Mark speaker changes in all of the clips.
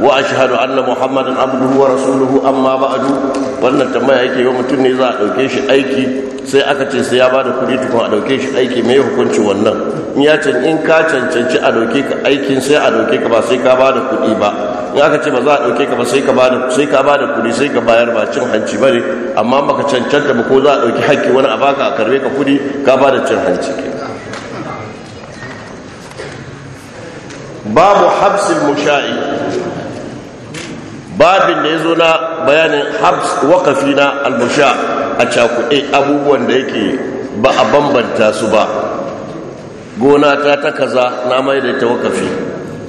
Speaker 1: واشهد muhammadan abduhu wa rasuluhu amma ba'du wannan tambaya yake yau mutum ne za a dauke shi aiki sai aka ce sai ya ba da kuɗi tukun a dauke shi aiki mai hukunci wannan in ya can in ka cancanci a dauke ka aikin sai a dauke ka ba sai ka ba da kuɗi ba in aka ce ba za a dauke ka ba sai ka ba da sai ka ba da kuɗi sai ka bayar ba cin hanci ba ne amma baka cancanta ba ko za a dauki hakki wani a baka a karbe ka kuɗi ka ba da cin hanci ke babu habsil musha'i babin da ya zo na bayanin habs wakafi na almusha a cakuɗe abubuwan da yake ba a bambanta su ba gona ta ta kaza na mai da ta wakafi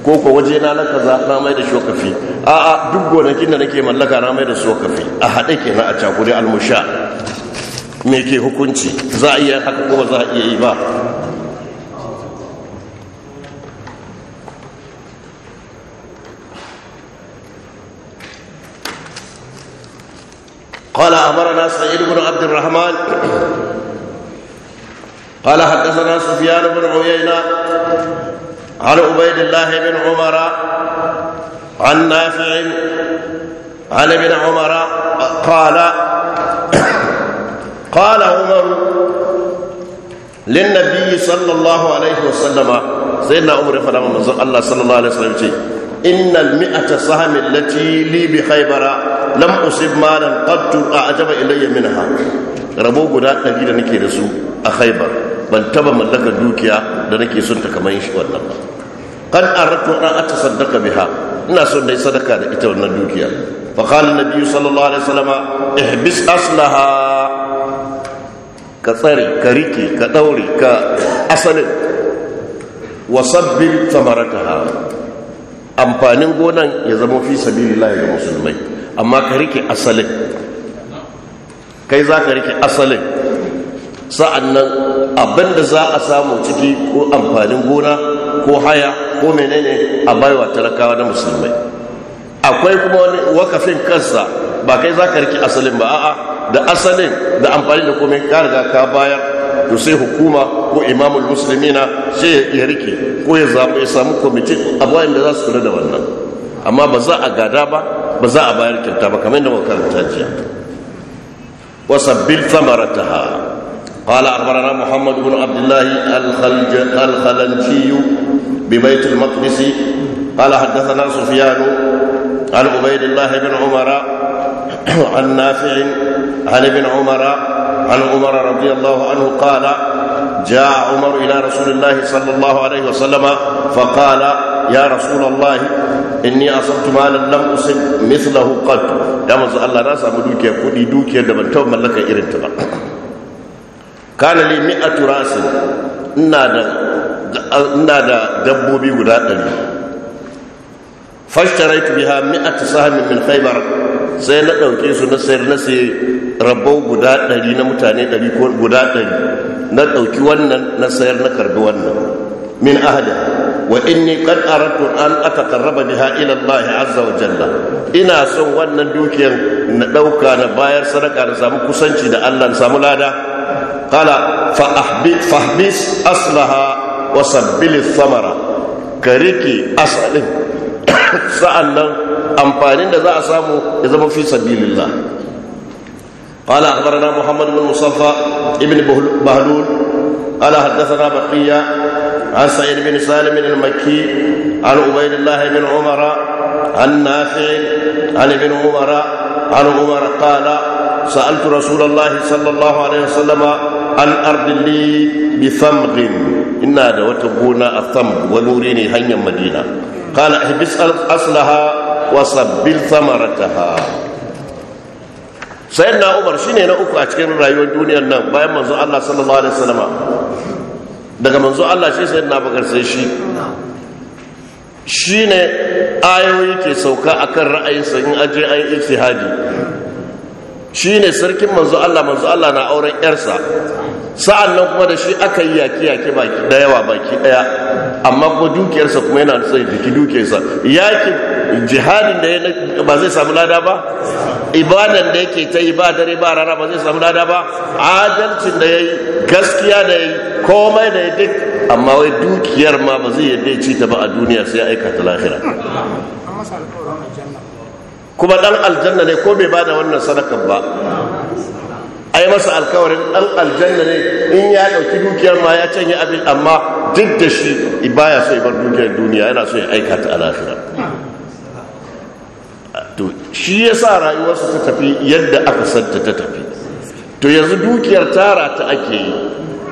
Speaker 1: ko ko waje na na kaza na mai da shi wakafi a a duk gonakin da nake mallaka na mai da su wakafi a haɗe ke na a cakuɗe almusha me ke hukunci za a iya haka ko ba za a iya yi ba قال أمرنا سعيد بن عبد الرحمن قال حدثنا سفيان بن عيينة عن عبيد الله بن عمر عن نافع عن ابن عمر قال قال عمر للنبي صلى الله عليه وسلم سيدنا عمر فلما الله صلى الله عليه وسلم إن المئة سهم التي لي بخيبر lam usib malan qattu a'jaba ilayya minha rabo guda 100 da nake da su a Khaibar ban taba mallakar dukiya da nake son ta kamar shi wannan ba kan aratu an atasaddaqa biha ina son dai sadaka da ita wannan dukiya fa qala nabi sallallahu alaihi wasallama ihbis aslaha ka tsare ka rike ka daure ka asalin wa sabbil samarataha amfanin gonan ya zama fi sabilillahi ga musulmai amma ka rike asalin kai za ka rike asalin sa'annan abinda za a samu ciki ko amfanin gona ko haya ko menene a baiwa talakawa na musulmai akwai kuma wani wakafin kansa ba kai za ka rike asalin ba a'a da asalin da amfani da komai ka riga ka bayar to sai hukuma ko imamul musulmina sai ya rike ko ya samu kwamitin abuwa da za su kula da wannan amma ba za a gada ba ba za a bayar kyauta ba kamar yadda muka karanta jiya wasabbil thamarataha قال أخبرنا محمد بن عبد الله الخلج الخلنجي ببيت المقدس قال حدثنا سفيان عن عبيد الله بن عمر عن نافع عن ابن عمر عن عمر رضي الله عنه قال جاء عمر إلى رسول الله صلى الله عليه وسلم فقال يا رسول الله inni asabtu malan lam usib mithlahu qat ya manzo Allah na samu dukiyar kudi dukiyar da ban taɓa mallaka irin ta ba kana li mi'atu rasin ina da ina da dabbobi guda 100 fashtaraitu biha mi'atu sahmin min khaybar sai na dauke su na sayar na sai rabau guda 100 na mutane 100 ko guda 100 na dauki wannan na sayar na karbi wannan min ahada وإني an أردت أن biha ila Allah azza wa jalla ina son wannan dukiyar na dauka na bayar sadaka na samu kusanci da Allah na samu lada qala fa ahbis fahbis aslaha wa sabbil thamara kariki asalin sa'annan amfanin da za a samu ya zama fi sabilillah قال أخبرنا محمد بن مصطفى ابن بهلول قال حدثنا بقية عن سعيد بن سالم المكي عن عبيد الله بن عمر عن نافع عن ابن عمر عن عمر قال سألت رسول الله صلى الله عليه وسلم عن أرض لي بثمغ إنا دوتبونا الثمغ ونوريني هنيا مدينة قال احبس أصلها وصبل ثمرتها sayyidina umar shine na uku a cikin rayuwar duniyar nan bayan manzon Allah sallallahu alaihi wasallam daga manzo Allah shi sai na bakar sai shi shine ayoyi ke sauka akan ra'ayin sa in aje ayi ijtihadi Shi ne sarkin manzo Allah manzo Allah na auren yarsa sa'an nan kuma da shi aka yi yaki yaki baki da yawa baki daya amma kuma dukiyarsa kuma yana da sai biki dukiyarsa yaki jihadin da ya ba zai samu lada ba ibadan da yake ta yi ba dare ba rana ba zai samu lada ba adalcin da ya yi gaskiya da ya yi komai da ya duk amma wai dukiyar ma ba zai yadda ya ci ta ba a duniya sai ya aikata lahira kuma dan aljanna ne ko bai bada wannan sadakan ba ai masa alkawarin dan aljanna ne in ya dauki dukiyar ma ya canye abin amma duk da shi baya so bar dukiyar duniya yana so ya aika ta alafira to shi yasa rayuwarsa ta tafi yadda aka santa ta tafi to yanzu dukiyar tara ta ake yi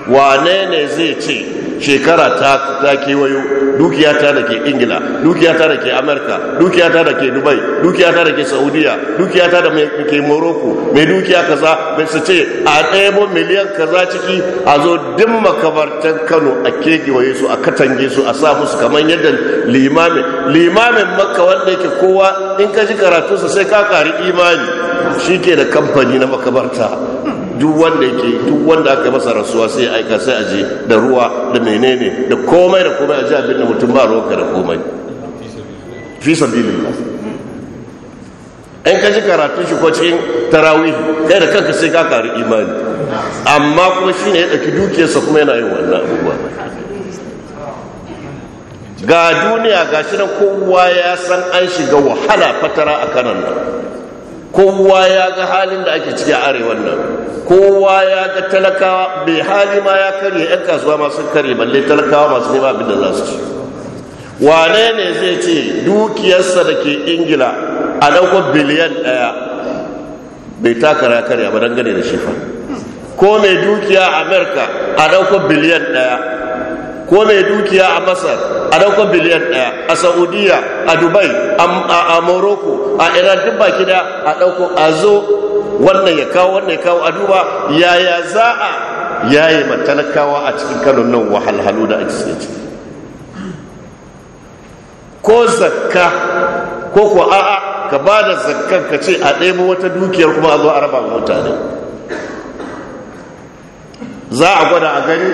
Speaker 1: wane ne zai ce shekara ta kewayo dukiya ta da ke ingila dukiya ta da ke amurka dukiya ta da ke dubai dukiya ta da ke saudiya dukiya ta da ke morocco mai dukiya kaza mai su ce a ɗaya miliyan kaza ciki a zo din makabartan kano a kewaye su a katange su a sa musu kamar yadda limamin limamin makka wanda yake kowa in ka ji su sai ka kari imani shi ke da kamfani na makabarta duk wanda yake duk wanda aka masa rasuwa sai aika sai aje da ruwa da menene da komai da komai aje abin da mutum ba roka da komai fi sabilillah in ka ji karatun shi ko cikin tarawih kai da kanka sai ka kari imani amma kuma shine ya dauki dukiyarsa kuma yana yin wannan abubuwa ga duniya ga shi nan kowa ya san an shiga wahala fatara a kanan nan kowa ya ga halin da ake ciki a arewa nan kowa ya ga talakawa bai hali ma ya karye yan kasuwa masu karye balle talakawa masu nema abin da za su ci wane ne zai ce dukiyarsa da ke ingila a dauko biliyan ɗaya bai takara karya ba dangane da shifa ko mai dukiya a amerika a dauko biliyan ɗaya ko mai dukiya a masar a daukar biliyan daya a saudiya a dubai a morocco a iran duk baki da a dauko a zo wannan ya kawo wannan ya kawo a duba yaya za a yaye matalakawa a cikin kanon nan wahalhalu da ake sai ko zakka ko ko a'a ka ba da zakkan ka ce a ɗaya wata dukiyar kuma a zo a raba mutane za a gwada a gani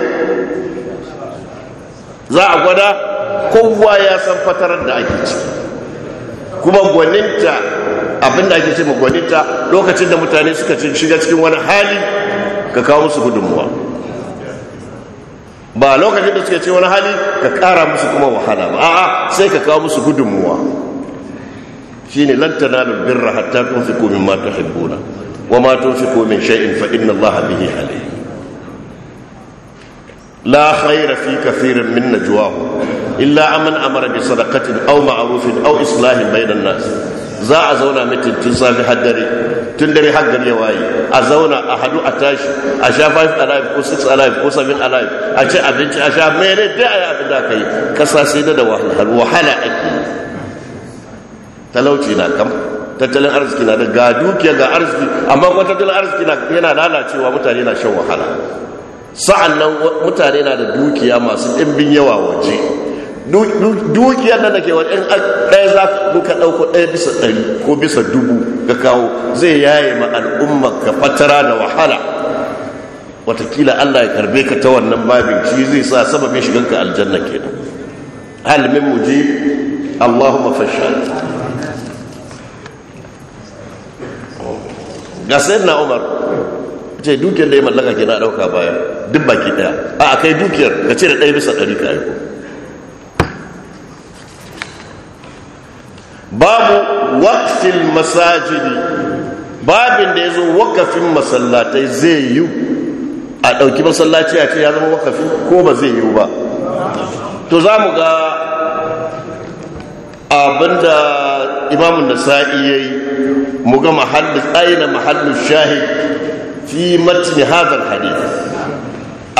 Speaker 1: za a gwada kowa ya san fatarar da ake ci kuma gwaninta abin ake ce gwaninta lokacin da mutane suka shiga cikin wani hali ka kawo musu gudunmuwa ba lokacin da suka ce wani hali ka kara musu kuma wahala ba a'a sai ka kawo musu gudunmuwa shine lan tanalu birra hatta tunfiqu mata tuhibbuna wa ma tunfiqu min shay'in fa Allah bihi halayi لا خير في كثير من نجواهم إلا أمن أمر بصدقة أو معروف أو إصلاح بين الناس za a zauna mitin tun safi har dare tun dare har ya waye a zauna a hadu a tashi a sha 5 alive ko 6 alive ko 7 alive a ci abinci a sha mere dai a yi abin da yi kasa sai da wahala talauci na kam tattalin arziki na da dukiya ga arziki amma kuma tattalin arziki yana lalacewa mutane na shan wahala sa'an nan mutane na da dukiya masu ɗimbin yawa waje dukiyar nan da ke wajen ɗaya za ka ɗauko ɗaya bisa ɗari ko bisa dubu ga kawo zai yaye ma al'umma ka fatara da wahala watakila allah ya karbe ka ta wannan babin shi zai sa sababin shiganka aljanna ke nan halimin muji allahumma fashal ga na umar ce dukiyar da ya mallaka ke na ɗauka baya duk baki ɗaya a kai dukiyar ga ce da ɗaya bisa ɗari ka aiko babu waqfil masajidi babin da ya zo wakafin masallatai zai yi a ɗauki masallaci a ce ya zama wakafi ko ba zai yi ba to za mu ga abinda imamun nasa'i ya yi mu ga mahallin aina mahallin shahid fi matni hadha hadi,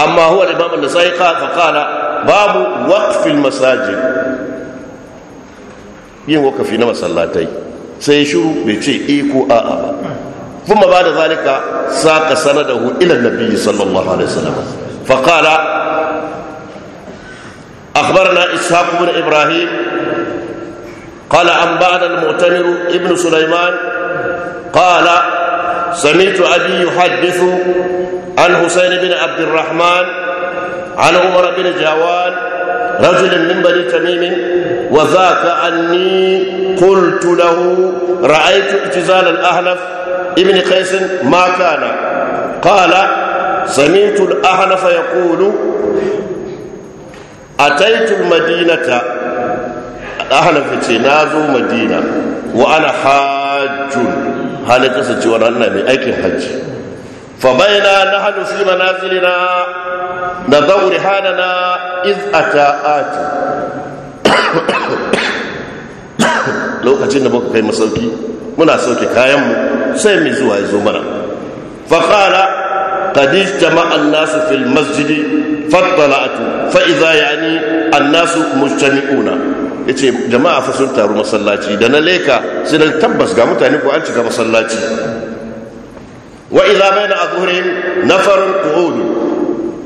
Speaker 1: amma huwa al-imam an-nasa'i qala babu waqf al-masajid yin waqfi na masallatai sai shuru bai ce eh ko a'a ba kuma bada zalika saka sanadahu ila nabiyyi sallallahu alaihi wasallam fa qala akhbarana ishaq ibn ibrahim kala an ba'da al-mu'tamir ibn sulaiman kala. سمعت أبي يحدث عن حسين بن عبد الرحمن عن عمر بن جوان رجل من بني تميم وذاك أني قلت له رأيت اعتزال الأهنف ابن قيس ما كان قال سمعت الأهنف يقول أتيت المدينة الأهنف نازو مدينة وأنا حاج halin kasancewar Allah mai aikin hajji fa bayna nahnu fi manazilina nadhaw rihanana iz ata'ati lokacin da muka kai masauki muna sauke kayan mu sai mai zuwa ya zo mana fa qala qad ijtama'a an-nasu fil masjidi fattala'tu fa idha yani an-nasu mujtami'una ya ce jama'a fa sun taru masallaci da na leka sai tabbas ga mutane ko an cika masallaci wa idza na azhurihim nafarun qu'ud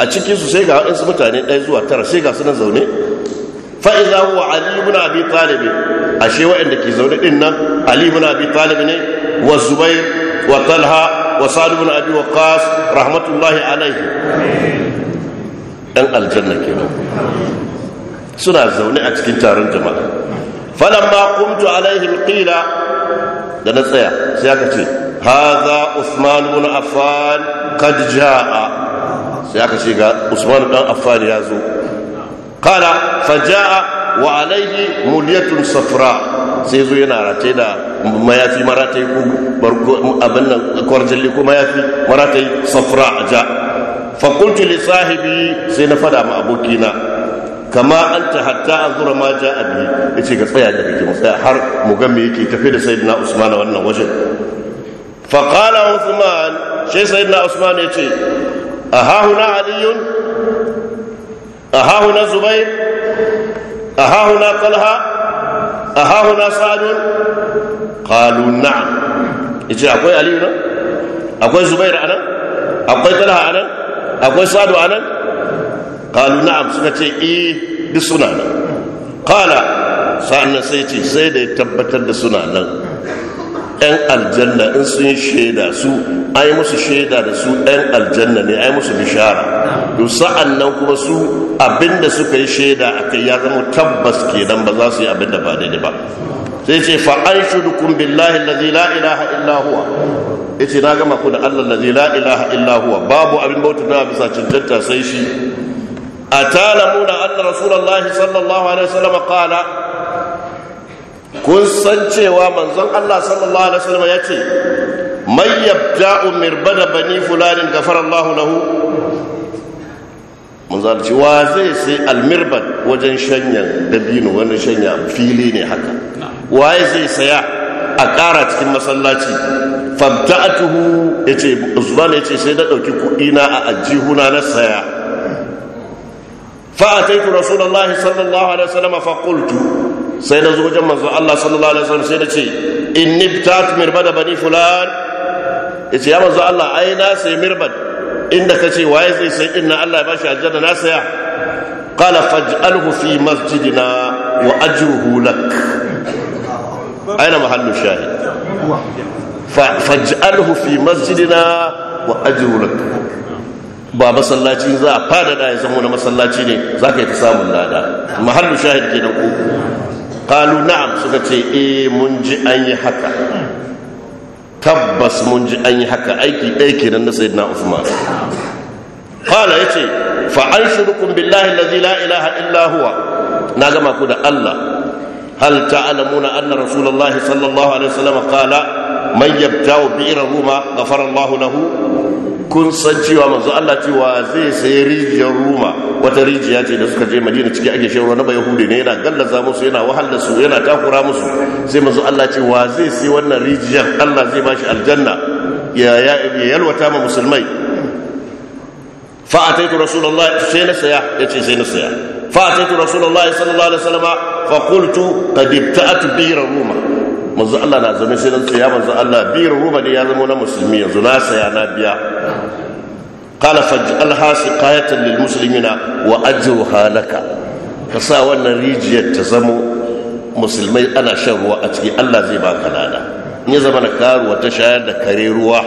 Speaker 1: a cikin su sai ga waɗansu mutane ɗaya zuwa tara sai ga su na zaune fa idza huwa ali ibn abi talib ashe waɗanda ke zaune din nan ali ibn abi talib ne wa zubair wa talha wa sa'd ibn abi waqas rahmatullahi alayhi dan aljanna kenan suna zaune a cikin taron jama'a ba kumtu alaihim kila da na tsaya sai aka ce za usman ibn affan qad jaa sai aka ce ga usman dan affan ya zo Kada fa jaa wa alaihi mulyatun safra sai zo yana ratai da mayafi maratai ko barko abin nan kwarjalli ko mayafi maratai safra ja fa kuntu li sahibi sai na fada ma abokina kama anta hatta anzura ma ja'a bihi yace ka tsaya da kike tsaya har mu ga me yake tafi da sayyidina usman wannan wajen fa qala usman shi sayyidina usman yace aha huna aliyun aha huna zubair aha huna talha aha huna sa'd qalu na'am yace akwai aliyu akwai zubair anan akwai talha anan akwai sa'd anan qalu na'am suka ce eh duk suna nan qala sa'annan sai ce sai da ya tabbatar da suna nan yan aljanna in sun yi shaida su ai musu shaida da su yan aljanna ne ai musu bishara to sa'annan kuma su abinda suka yi shaida akai ya zama tabbas kenan ba za su yi abinda ba daidai ba sai ce fa'anshudukum billahi allazi la ilaha illa huwa yace na gama ku da Allah allazi la ilaha illa huwa babu abin bauta na bisa cancanta sai shi أتعلمون أن رسول الله صلى الله عليه وسلم قال kun san cewa manzon Allah sallallahu alaihi wasallam ya ce mai yabda'u mirbada bani fulanin gafarallahu lahu manzon ce wa zai sai almirbad wajen shanyan dabino wani shanya fili ne haka waye zai saya a ƙara cikin masallaci fabda'atuhu yace usman yace sai na ɗauki kuɗi na a ajihuna na saya فأتيت رسول الله صلى الله عليه وسلم فقلت سيدنا زوجا من الله صلى الله عليه وسلم سيدنا شيء إني ابتعت مربد بني فلان يا من الله أين سي مربد إنك شيء وايزي سي إن الله باشا الجنة ناسيا قال فاجعله في مسجدنا وأجره لك أين محل الشاهد فاجعله في مسجدنا وأجره لك ba masallaci za a fadada ya zama wani masallaci ne za ka yi ta samun lada mahallu shahid ke nan uku kalu na'am suka ce e mun ji an yi haka tabbas mun ji an yi haka aiki ɗaya kenan na sayyidina usman ya ce fa anshurukum billahi lazi la ilaha illa huwa na gama ku da Allah hal na anna rasulullahi sallallahu alaihi wasallam qala man yabta'u bi'ra ruma ghafara Allahu lahu kun san cewa manzo Allah cewa zai sayi rijiyar Roma wata rijiya ce da suka je Madina ciki ake shan ruwa na Yahudi ne yana gallaza musu yana wahala su yana takura musu sai manzo Allah cewa zai sayi wannan rijiyar Allah zai bashi aljanna ya ya yalwata ma musulmai fa ataitu rasulullahi sai na saya yace sai na saya fa ataitu rasulullahi sallallahu alaihi wasallam fa qultu qad ibta'at bi Roma manzo Allah na zama sai dan tsaya manzo Allah biyar ruba ne ya zama na musulmi yanzu na saya na biya qala faj'alha siqayatan lil muslimina wa ajruha laka ka sa wannan rijiyar ta zamo musulmai ana shan ruwa a ciki Allah zai baka lada in ya zama na karuwa ta shayar da kare ruwa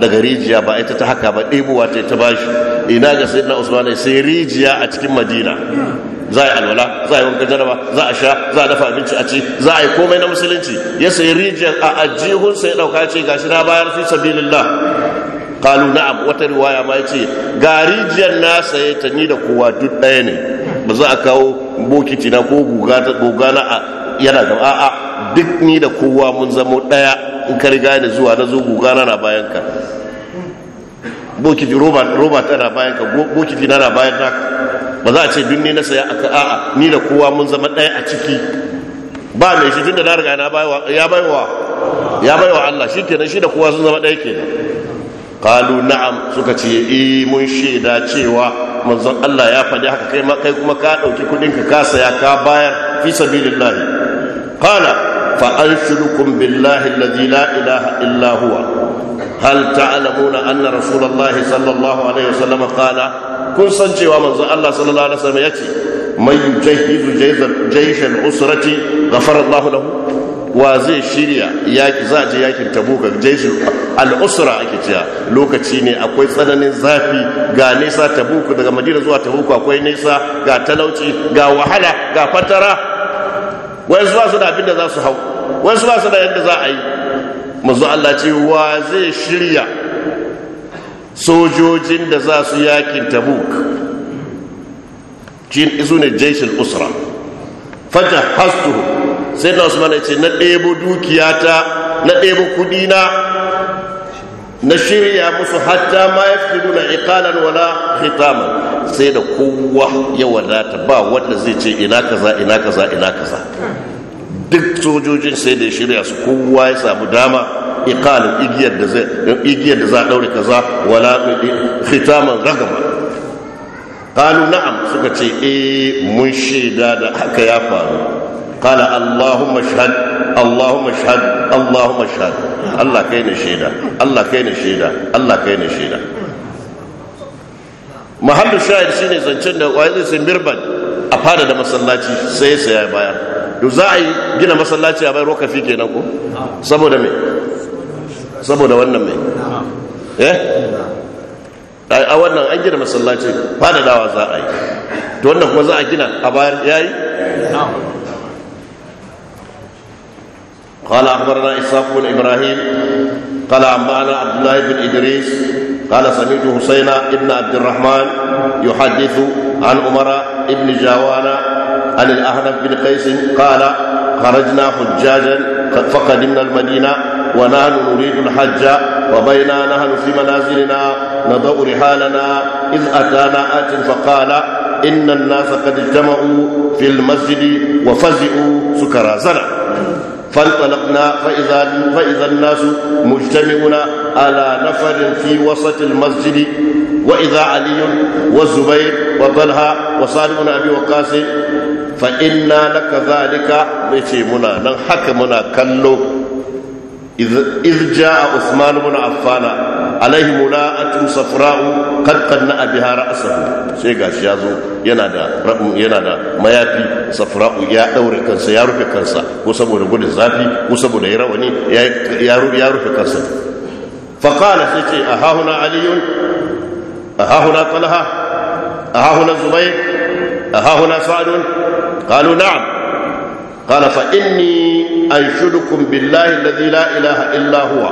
Speaker 1: daga rijiya ba ita ta haka ba ɗebowa ta ta bashi ina ga sai na usman sai rijiya a cikin madina za a yi alwala za a yi wankan jaraba za a sha za a dafa abinci a ci za a yi komai na musulunci ya sai rijiyar a ajihun sai ɗauka ce ga shi na bayar fi sabilillah kalu na'am wata riwaya ma ce. ga rijiyar na saye ta ni da kowa duk ɗaya ne ba za a kawo bokiti na ko guga na yana da a'a duk ni da kowa mun zamo ɗaya in ka riga da zuwa na zo guga na bayan ka bokiti roba na bayan ka bokiti na bayan ka ba za a ce duk ni na saya aka a'a ni da kowa mun zama ɗaya a ciki ba mai shi tun da na riga ya baiwa ya baiwa Allah shi kenan shi da kowa sun zama ɗaya kenan kalu na'am suka ce e mun shaida cewa manzon Allah ya faɗi haka kai kai kuma ka ɗauki kudin ka ka saya ka bayar fi sabilillah qala فأرسلكم بالله الذي لا إله إلا هو هل تعلمون أن رسول الله صلى الله عليه وسلم قال كن صنجي ومن الله صلى الله عليه وسلم يأتي من يجهز جيش الأسرة غفر الله له وزي شيريا ياكي زاجي ياكي تبوك جيش al'usra ake cewa lokaci ne akwai tsananin zafi ga nesa tabuku daga madina zuwa tabuku akwai nesa ga talauci ga wahala ga fatara wai su su da abin da za su hau wasu su su da yadda za a yi mazu Allah ce wa zai shirya sojojin da za su yakin tabuk jin izu ne jeshin usra fata hastu sai na usman ya ce na ɗebo dukiyata na ɗebo kudina na shirya musu hatta ma ya fi nuna ikalar wala hitaman sai da kowa ya wadata ba wanda zai ce ina kaza ina kaza ina kaza duk sojojin sai da ya shirya su kowa ya samu dama ikalin igiyar da za a daure kaza wala hitaman ragama kalu na'am suka ce eh mun shaida da haka ya faru قال اللهم اشهد اللهم اشهد اللهم اشهد الله كاين شهيدا الله كاين شهيدا الله كاين شهيدا محل الشاهد شيء زنتن da wai zai mirban a fada da masallaci sai sai ya baya to za a yi gina masallaci a bai rokafi kenan ko saboda me saboda wannan me eh a wannan an gina masallaci fada dawa za a yi to wannan kuma za a gina a bayar yayi قال أخبرنا إسحاق بن إبراهيم قال أنبأنا عبد الله بن إدريس قال سمعت حسين بن عبد الرحمن يحدث عن عمر بن جاوان عن الأهنف بن قيس قال خرجنا حجاجا فقدمنا المدينة ونحن نريد الحج وبينا نحن في منازلنا نضع رحالنا إذ أتانا آت فقال إن الناس قد اجتمعوا في المسجد وفزئوا سكرى زنا فانطلقنا فإذا, فإذا الناس مجتمعون على نفر في وسط المسجد وإذا علي والزبير وطلحة وصالح بن أبي وقاص فإنا لك ذلك بيتيمنا نحكمنا كلو إذ, إذ جاء عثمان بن عفان عليه ملاءة صفراء qadqan na biha ra'sahu sai gashi ya zo yana da ra'u yana da mayafi safra'u ya daure kansa ya rufe kansa ko saboda gudun zafi ko saboda ya rawani ya ya rufe kansa fa qala sai ce a huna aliyun aha huna talha aha huna zubayr aha huna sa'd qalu na'am قال فإني أنشدكم بالله الذي لا إله إلا هو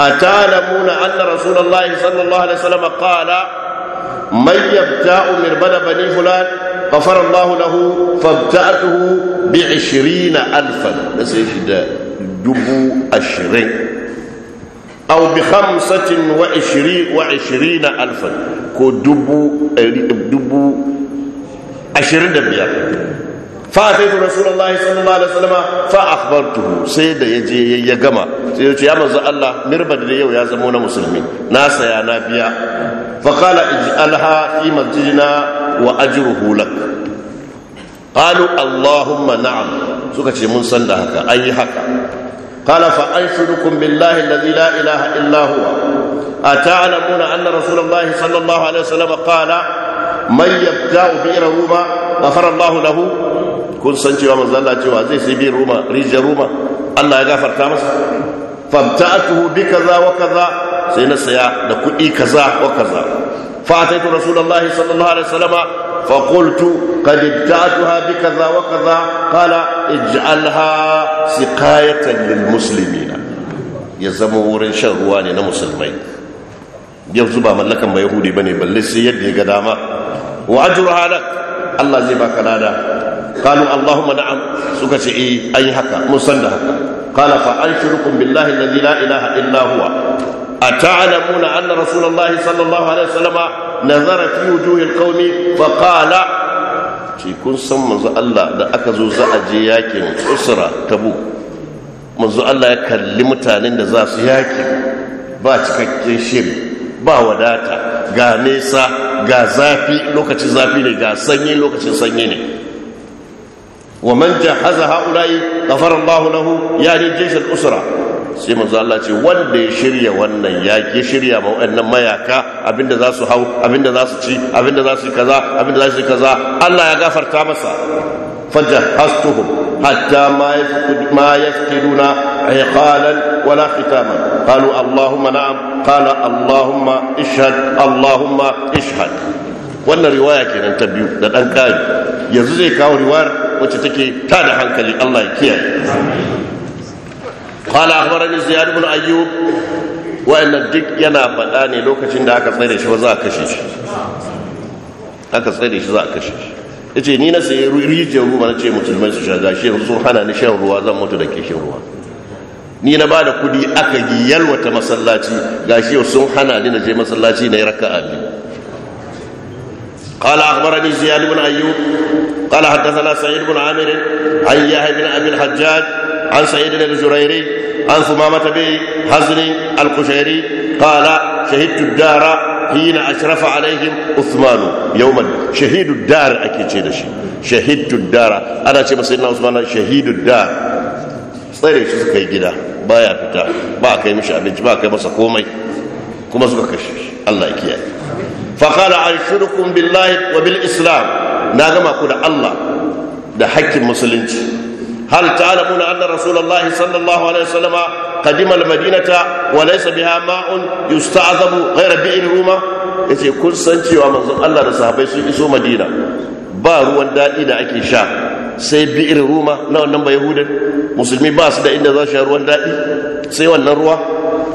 Speaker 1: أتعلمون أن رسول الله صلى الله عليه وسلم قال من يبتاع مربد بني فلان غفر الله له فابتأته بعشرين ألفا دبو عشرين أو بخمسة وعشرين وعشرين ألفا كو دبو دبو عشرين بيار fa'ataitu rasulullahi sallallahu alaihi wasallam fa akhbartuhu sai da yaje ya gama sai yace ya manzo Allah mirba da yau ya zama na musulmi na saya na biya fa qala ij'alha fi masjidina wa ajruhu lak qalu allahumma na'am suka ce mun san da haka an yi haka qala fa anshudukum billahi alladhi la ilaha illa huwa ata'lamuna anna rasulullahi sallallahu alaihi غفر الله له kun san cewa manzo Allah cewa zai sai bi ruma rijiyar ruma Allah ya gafarta masa tuhu bi kaza wa kaza sai na saya da kuɗi kaza wa kaza fa'ataitu rasulullahi sallallahu alaihi wasallama فقلت kaza. ابتعتها بكذا وكذا قال اجعلها سقاية للمسلمين ya zama wurin shan ruwa ne na musulmai yanzu ba mallakan mai yahudi ba ne balle sai yadda ya ga dama wa ajru halak Allah zai baka lada قالوا اللهم نعم سكت أي هكا مسند هكا قال فأنشركم بالله الذي لا إله إلا هو أتعلمون أن رسول الله صلى الله عليه وسلم نظر في وجوه القوم فقال ce kun san manzo Allah da aka zo za a je yakin usra tabu manzo Allah ya kalli mutanen da za su yaki ba cikakken shiri ba wadata ga nesa ga zafi lokacin zafi ne ga sanyi lokacin sanyi ne ومن جهز هؤلاء غفر الله له يعني جيش الأسرة sai manzo Allah ce wanda ya shirya wannan ya shirya ma waɗannan mayaka abinda za su hau abinda za su ci abinda za su kaza abinda za su kaza Allah ya gafarta masa فجهزتهم حتى ما يفقد ما يفقدون عقالا ولا ختاما قالوا اللهم na'am, قال اللهم اشهد اللهم اشهد wannan riwaya kenan ta biyu da dan ƙari yanzu zai kawo riwayar wacce take ta da hankali Allah ya kiyaye قال اخبرني زياد بن ايوب wa'annan duk yana faɗa ne lokacin da aka tsare shi ba za a kashe shi aka tsare shi za a kashe shi ya ce ni na sayi rijiyar ruwa na ce musulmai su sha gashi sun hana ni shan ruwa zan mutu da kishin ruwa ni na ba da kudi aka yalwata masallaci gashi sun hana ni na je masallaci na yi raka a biyu قال اخبرني زياد بن ايوب قال حدثنا سعيد بن عامر عن يحيى بن ابي الحجاج عن سعيد بن الجريري عن ثمامة بن حزن القشيري قال شهدت الدار حين أشرف عليهم عثمان يوما شهيد الدار أكيد شيء شهدت الدار أنا شيء سيدنا عثمان شهيد الدار tsare shi suka yi gida baya fita ba kai mishi abinci ba kai masa komai kuma suka kashe Allah ya kiyaye faƙara an shirkun billahi wa bil islam na gama ku da Allah da haƙƙin musulunci hal ta alamu na annar rasulallah sallallahu alaihi wasallama kadima almadinata wa laysa biha ma'un yusta'zabu ghayra bi'in ruma yace kun san cewa manzon Allah da sahabbai sun iso madina ba ruwan daɗi da ake sha sai bi'ir ruma na wannan ba yahudan musulmi ba su da inda za su ruwan daɗi sai wannan ruwa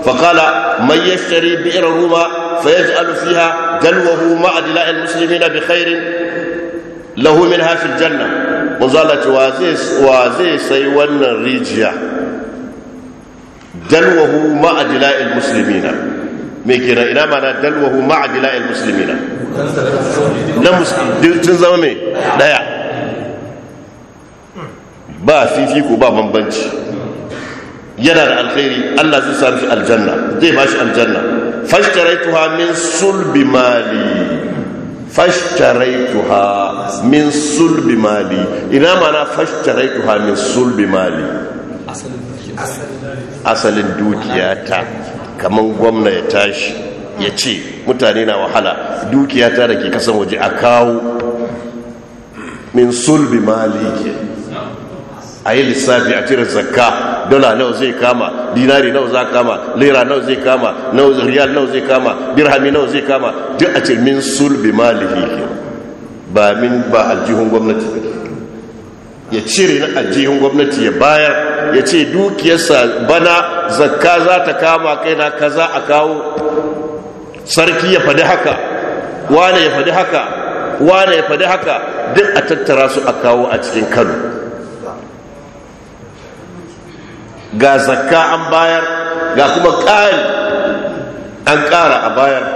Speaker 1: faƙala mai yashtari bi'ir ruma fa yaj'alu fiha galwahu ma'a dila'il na bi khairin lahu minha fil janna manzala ce wa wa zai sai wannan rijiya dalwahu ma'a dila'il na me kenan ina mana dalwahu ma'a dila'il muslimina na na musulmi tun zama mai daya ba fifiko ba bambanci yana da alkhairi Allah zai sami aljanna zai ba shi aljanna fashtaraituha min sulbi mali fashtaraituha min sulbi mali ina mana fashtaraituha min sulbi mali asalin dukiyata Kamar gwamna ya tashi ya ce mutane na wahala dukiyata da ke kasan waje a kawo min sulbi mali ke a yi lissafi a cire zakka dola nawa zai kama dinari nawa za kama lira nawa zai kama riyal nawa zai kama dirhami nawa zai kama duk a cire min sulbi malihi ba min ba aljihun gwamnati ya cire na aljihun gwamnati ya bayar ya ce dukiyarsa bana zakka za ta kama kaina kaza a kawo sarki ya faɗi haka wane ya faɗi haka wane ya faɗi haka duk a tattara su a kawo a cikin kano ga zakka an bayar ga kuma kayan an kara a bayar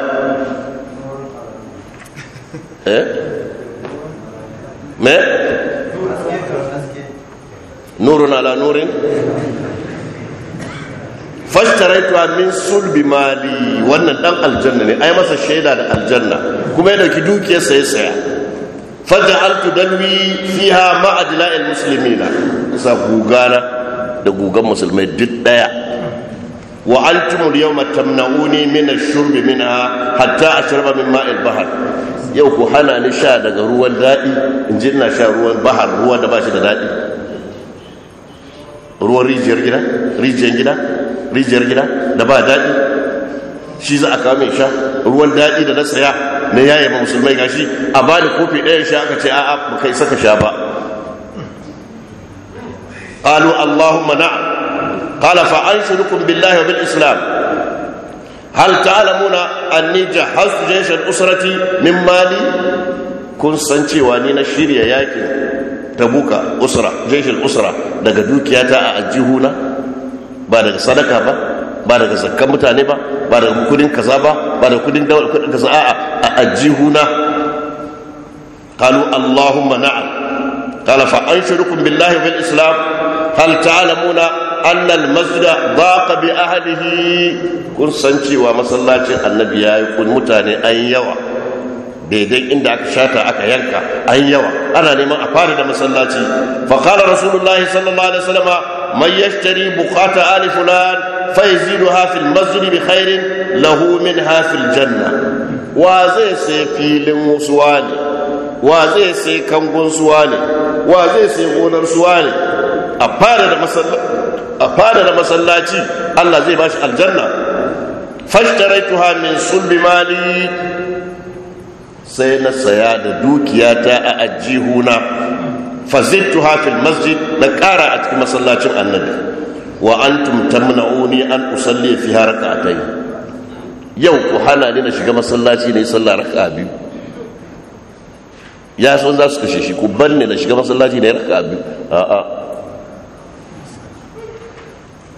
Speaker 1: eh? me? nurun ala nurin fashtaraitu min sulbi mali wannan dan aljanna ne ai masa shaida da aljanna kuma ya dauki dukiyar sa ya saya altu dalwi fiha ma'adila musulmi na sa gugana da gugan musulmai duk daya wa antum al-yawma tamna'uni min ash-shurbi minha hatta shirba min ma'il bahar yau ku hana ni sha daga ruwan daɗi in ji ina sha ruwan bahar ruwa da ba shi da daɗi ruwan rijiyar gida rijiyar gida rijiyar gida da ba daɗi shi za a kawo mai sha ruwan daɗi da na saya na yaye ba musulmai gashi a bani kofi ɗaya sha aka ce a'a ba kai saka sha ba قالوا اللهم نعم قال فأنشدكم بالله وبالإسلام هل تعلمون أني جهزت جيش الأسرة من مالي kun san cewa ni na shirya yakin tabuka usra jeshin usra daga dukiyata a ajihuna ba daga sadaka ba ba daga zakkan mutane ba ba daga kudin kaza ba ba daga kudin kaza a a ajihuna fa islam hal ta'lamuna anna al-masjida daqa bi ahlihi kun san cewa masallacin annabi yayi kun mutane an yawa daidai inda aka shata aka yanka an yawa ana neman a fara da masallaci fa qala rasulullahi sallallahu alaihi wasallama man yashtari buqata ali fulan fa yaziduha fil masjid bi khairin lahu minha fil janna wa zai sai filin wasu ne wa zai sai kangon suwa ne wa zai sai gonar suwa a fara da masallaci Allah zai bashi aljanna tuha min sulbi mali sai na saya da dukiyata a ajihuna tuha fil masjid na kara a cikin masallacin annabi wa an antum tamna'uni an usalli fi rak'atayn yau ku hana ni na shiga masallaci ne sallah raka'a biyu ya san za su kashe shi ku banne na shiga masallaci ne raka biyu a'a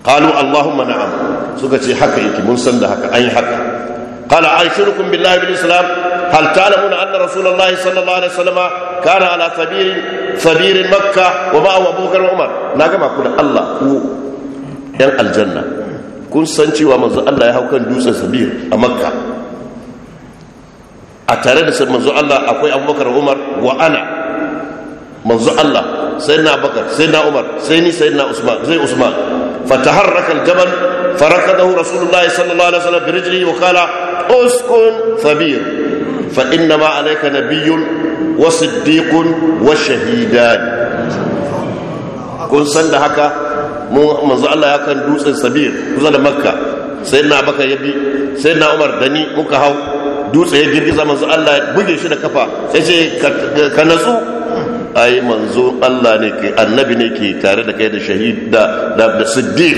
Speaker 1: qalu allahumma na'am suka ce haka yake mun san da haka an yi haka qala aishurukum billahi bil islam hal ta'lamuna anna rasulullahi sallallahu alaihi wasallam kana ala sabir sabir wa ma'a abubakar umar na gama ku da allah ku yan aljanna kun san cewa manzo Allah ya hau kan dutsen sabir a makka a tare da manzo Allah akwai abubakar umar wa ana manzo Allah sai na bakar sai na umar sai ni sai na usman zai usman fataharraka aljabal faraqadahu rasulullah sallallahu alaihi wasallam birijli wa qala uskun thabir fa inna ma alayka nabiyyun wa siddiqun wa shahidan kun san da haka manzo Allah ya kan dutsen sabir kusa da makka sai na bakar ya bi sai na umar da ni muka hau dutse ya girgiza manzo Allah ya buge shi da kafa sai ce ka natsu ai manzo Allah ne ke annabi ne ke tare da kai da shahida da siddiq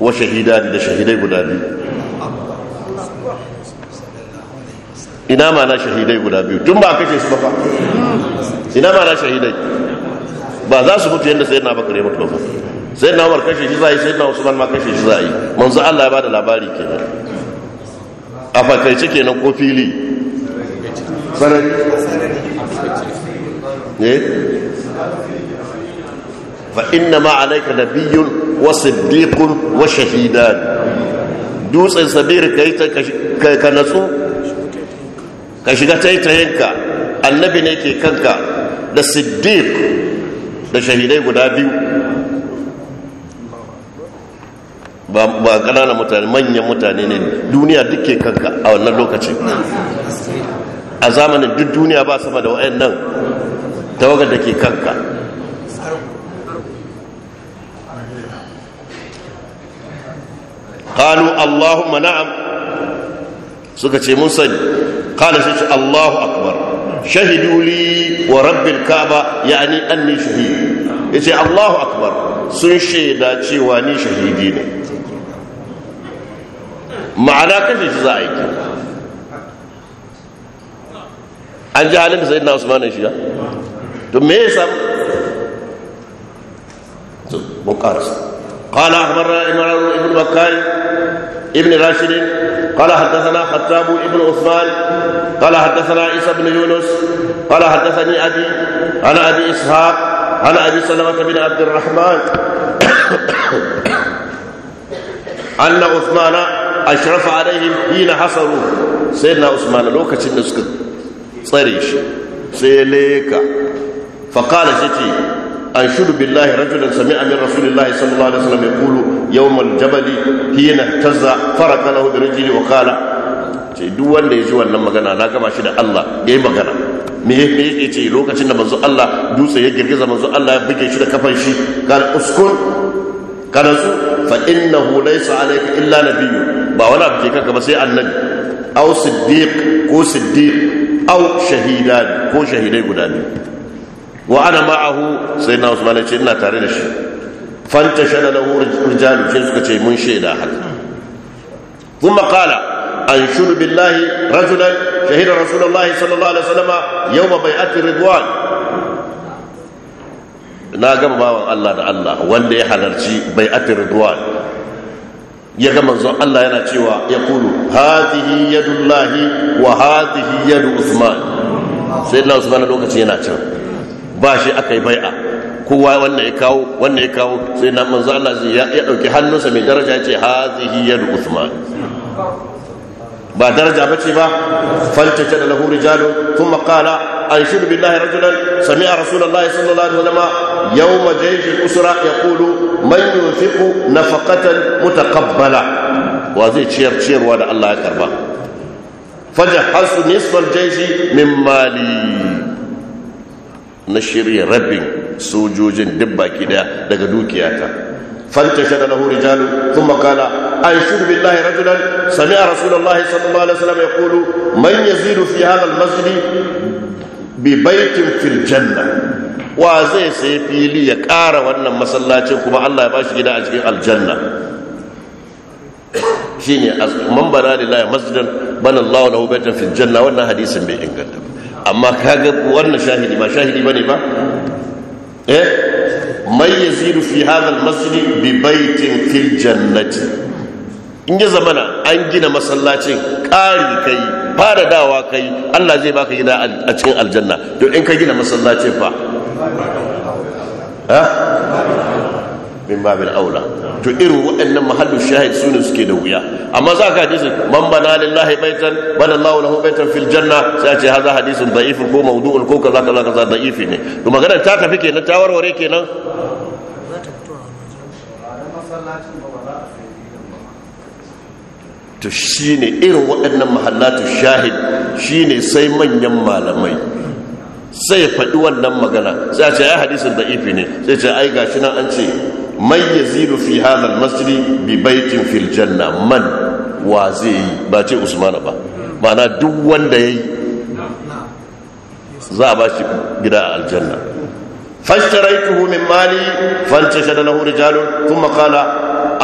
Speaker 1: wa shahida da shahidai guda biyu ina ma na shahidai guda biyu tun ba kace su ba ina ma na shahidai ba za su mutu yadda sayyidina bakar ya mutu ba sayyidina umar kashe shi za a yi sayyidina usman ma kashe shi za manzo Allah ya bada labari kenan a fakaice kenan ko fili sanadi fa inna ma alayka nabiyyun wa siddiqun wa shahidan dutsen sabir kai ta ka natsu ka shiga taitayinka annabi ne ke kanka da siddiq da shahidai guda biyu ba ƙananan mutane manyan mutane ne duniya duk kanka a wannan lokacin a zamanin duk duniya ba sama da wa'annan tawagar da ke kanka qalu Allahu na'am suka ce mun sani qala shi ce allahu akbar shahidu li wa rabbil ka'ba yani anni shahid yace allahu akbar sun shaida cewa ni shahidi ne ma'ana kashe shi za a yi an ji halin da sayyidina usman shi ya تو me سب to mun karasa قال اخبرنا عمران ابن بكار ابن راشد قال حدثنا خطاب ابن عثمان قال حدثنا عيسى بن يونس قال حدثني ابي عن ابي اسحاق عن ابي سلمه بن عبد الرحمن ان عثمان اشرف عليهم حين حصروا سيدنا عثمان لوكاشن نسكت tsare shi sai leka فقال شتي أنشد بالله رجلا سمع من رسول الله صلى الله عليه وسلم يقول يوم الجبل حين اهتز فرق له برجلي وقال ce duk wanda ya ji wannan magana na gama shi da Allah ya yi magana me ya yake ce lokacin da manzo Allah dutse ya girgiza manzo Allah ya buge shi da kafan shi kan uskun kana su fa innahu laysa alayka illa nabiyyu ba wani abu ke kanka ba sai annabi aw siddiq ko siddiq aw shahidan ko shahidai guda biyu wa ana ma'ahu sai na ya ina tare da shi fanta shana lahu rijalu sai suka ce mun shaida haka kuma qala an shuru billahi rajulan sallallahu alaihi na gama bawan Allah da Allah wanda ya halarci bai'ati ridwan ya ga manzon Allah yana cewa ya kulu hadhihi yadullahi wa yadu usman sai usman lokaci yana cewa ba shi aka yi bai'a kowa wannan ya kawo wannan ya kawo sai na manzo Allah zai ya dauki hannunsa mai daraja yace hazihi yadu usman ba daraja bace ba falta ta lahu rijalu thumma qala anshud billahi rajulan sami'a rasulullahi sallallahu alaihi wasallam yawma jaysh al-usra yaqulu man yunfiqu nafaqatan mutaqabbala wa zai ciyar ciyarwa da Allah ya karba fajahhasu nisfal jaysh min mali na shirya rabin sojojin dubba kida daga dukiyata fantashe da lahori jalu kun makala a yi shirin billahi rajulan sami a rasulallahi sallallahu alaihi wasallam ya kulu man ya zidu fi halar masjidi bi baitin firjanna wa zai sai fili ya kara wannan masallacin kuma allah ya ba shi gida a cikin aljanna shi ne a mambara lillahi masjidan uba ta hubertin firjanna wannan hadisin bai inganta amma kaga wannan shahidi ba shahidi bane ba eh mai yazidu fi hadha almasjid bi baitin fil jannati in ya zamana an gina masallacin ƙari kai fara dawa kai Allah zai baka gida a cikin aljanna to in ka gina masallacin fa ha min babil aula to irin waɗannan mahallu shahid sune suke da wuya amma za ka hadisi man bana lillahi baitan bana Allah lahu baitan fil janna sai a ce haza hadisin da'if ko mawdu'un ko kaza kaza kaza da'if ne to magana ta tafi kenan ta warware kenan to shine irin waɗannan mahallatu shahid shine sai manyan malamai sai faɗi wannan magana sai a ce ai hadisin da'ifi ne sai ce ai gashi nan an ce Mai yazidu fi hadha almasjid bi baitin fil janna man wa zai yi ba ce usmana ba ma'ana duk wanda ya yi za a ba shi gida a aljanna tuhu min mali Fanta, fantashada lahu rijalun thumma qala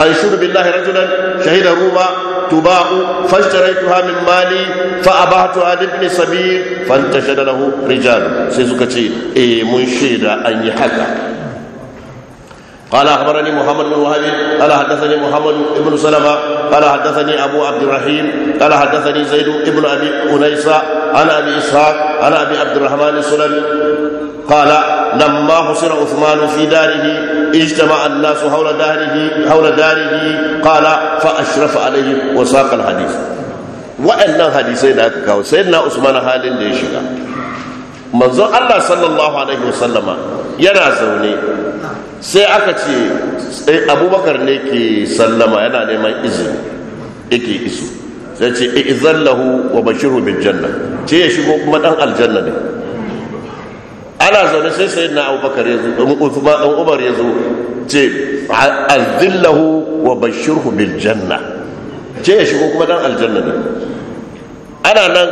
Speaker 1: anshur billahi rajulan shahida ruba تباع فاشتريتها من مالي فأبعتها لابن سبيل فانتشد له رجال سيزكتي mun shaida an yi haka. قال اخبرني محمد بن وهب قال حدثني محمد بن سلمه قال حدثني ابو عبد الرحيم قال حدثني زيد بن ابي انيس عن ابي اسحاق عن ابي عبد الرحمن السلمي قال لما حصر عثمان في داره اجتمع الناس حول داره حول داره قال فاشرف عليهم وساق الحديث waɗannan hadisai da aka kawo sai na usman halin da ya shiga manzon allah sallallahu alaihi wasallama yana zaune sai aka ce eh, abubakar ne ke sallama yana neman izini yake iso sai ce eh, izan lahu wa bashiru bin janna ce ya shigo kuma dan aljanna ne ana zaune sai sai na abubakar ya zo dan umar ya zo ce azin lahu wa bashiru bin janna ce ya shigo kuma dan aljanna ne ana nan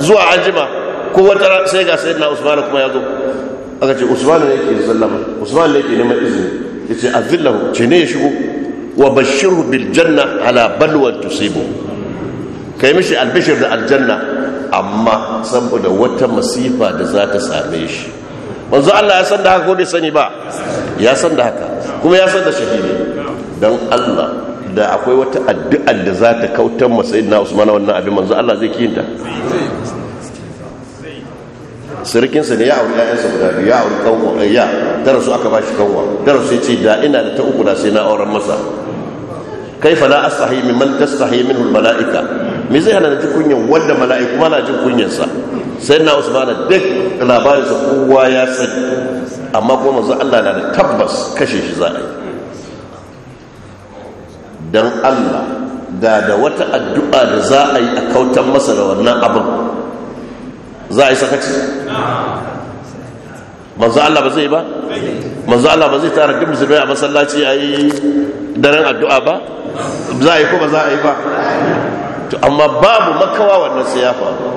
Speaker 1: zuwa anjima ko wata sai ga sai na usman kuma ya zo aka ce usman ne yake sallama usman ne yake neman izini yace azillahu ce ne ya shigo wa bashiru bil janna ala balwa tusibu kai mishi albishir da aljanna amma saboda wata masifa da za ta same shi manzo Allah ya san da haka ko bai sani ba ya san da haka kuma ya san da shahidi dan Allah da akwai wata addu'ar da za ta kautar masa na Usman wannan abin manzo Allah zai kiyinta sirikinsa ne ya auri ƴaƴansa guda biyu ya auri kanwa eh, ya tara su aka bashi kanwa tara su ce da ina da ta uku da sai na auren masa kai la astahi min man tastahi minhu al malaika me zai hana ji kunyan wanda mala'iku ma na jin sa sai na usmana duk labarin sa kowa ya san amma kuma manzo Allah na da tabbas kashe shi za a yi dan Allah ga da wata addu'a da za a yi a kautan masa da wannan abin za a yi sakaci manzo Allah ba zai ba manzo Allah ba zai tara duk musulmai a masallaci a yi daren addu'a ba za a yi ko ba za a yi ba to amma babu makawa wannan sai ya faru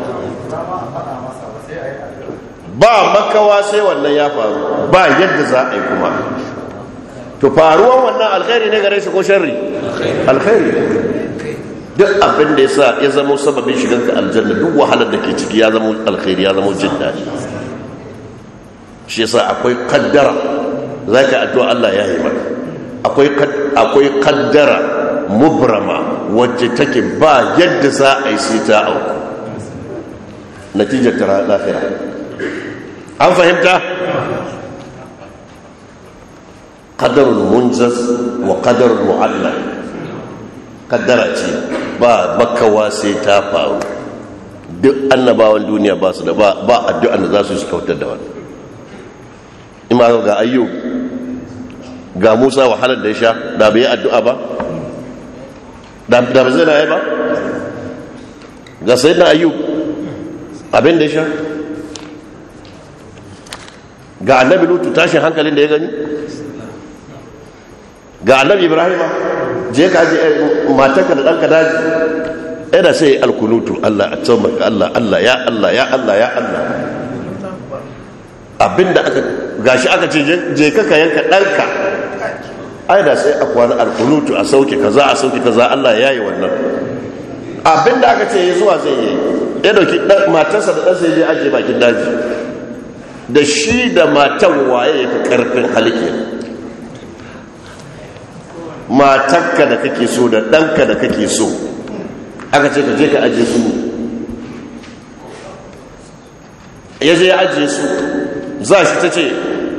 Speaker 1: ba makawa sai wannan ya faru ba yadda za a yi kuma to faruwan wannan alkhairi ne gare shi ko sharri alkhairi duk abin da yasa ya zama sababin shigan aljanna duk wahalar da ke ciki ya zama alkhairi ya zama jin daɗi shi yasa akwai kaddara zaka addu'a Allah ya yi maka akwai akwai kaddara mubrama wacce take ba yadda za a yi sai ta auku natijar ta lafira an fahimta qadarul munjaz wa qadarul mu'allal kaddara ce ba makawa sai ta faru duk annabawan duniya ba su da ba addu'an da za su su kautar da wani ima ga ayyu ga musa wahalar da ya sha da bai addu'a ba da bai zai na ba ga sai na ayyu abin da ya sha ga annabi lutu tashin hankalin da ya gani ga annabi ibrahim ba je ka aje eh, matarka da ɗanka daji yana sai alkunutu Allah a can maka Allah Allah ya Allah ya Allah ya Allah abinda aka gashi aka ce je ka ka yanka ɗanka ai da sai a kwana alkunutu a sauke kaza a sauke kaza Allah ya yi wannan abinda aka ce ya zuwa zai yi ya dauki matarsa da ɗansa ya je aje bakin daji da shi da matan waye ya fi ƙarfin halikin matarka da kake so da ɗanka da kake so aka ce ka je ka ajiye su ya je ya ajiye su za shi ta ce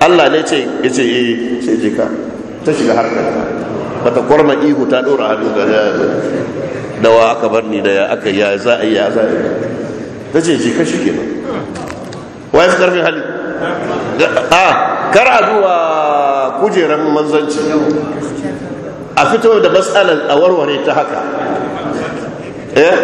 Speaker 1: allah ne ce ya ce yi eh, sai je ka ta shiga harkar bata kwarma ihu ta ɗora hannu ga da wa aka bar ni da ya aka ya za a yi ya za a yi ta ce je ka shi ke nan wa ya fi hali a kar a zuwa kujerar manzanci a fito da matsalar a warware ta haka eh?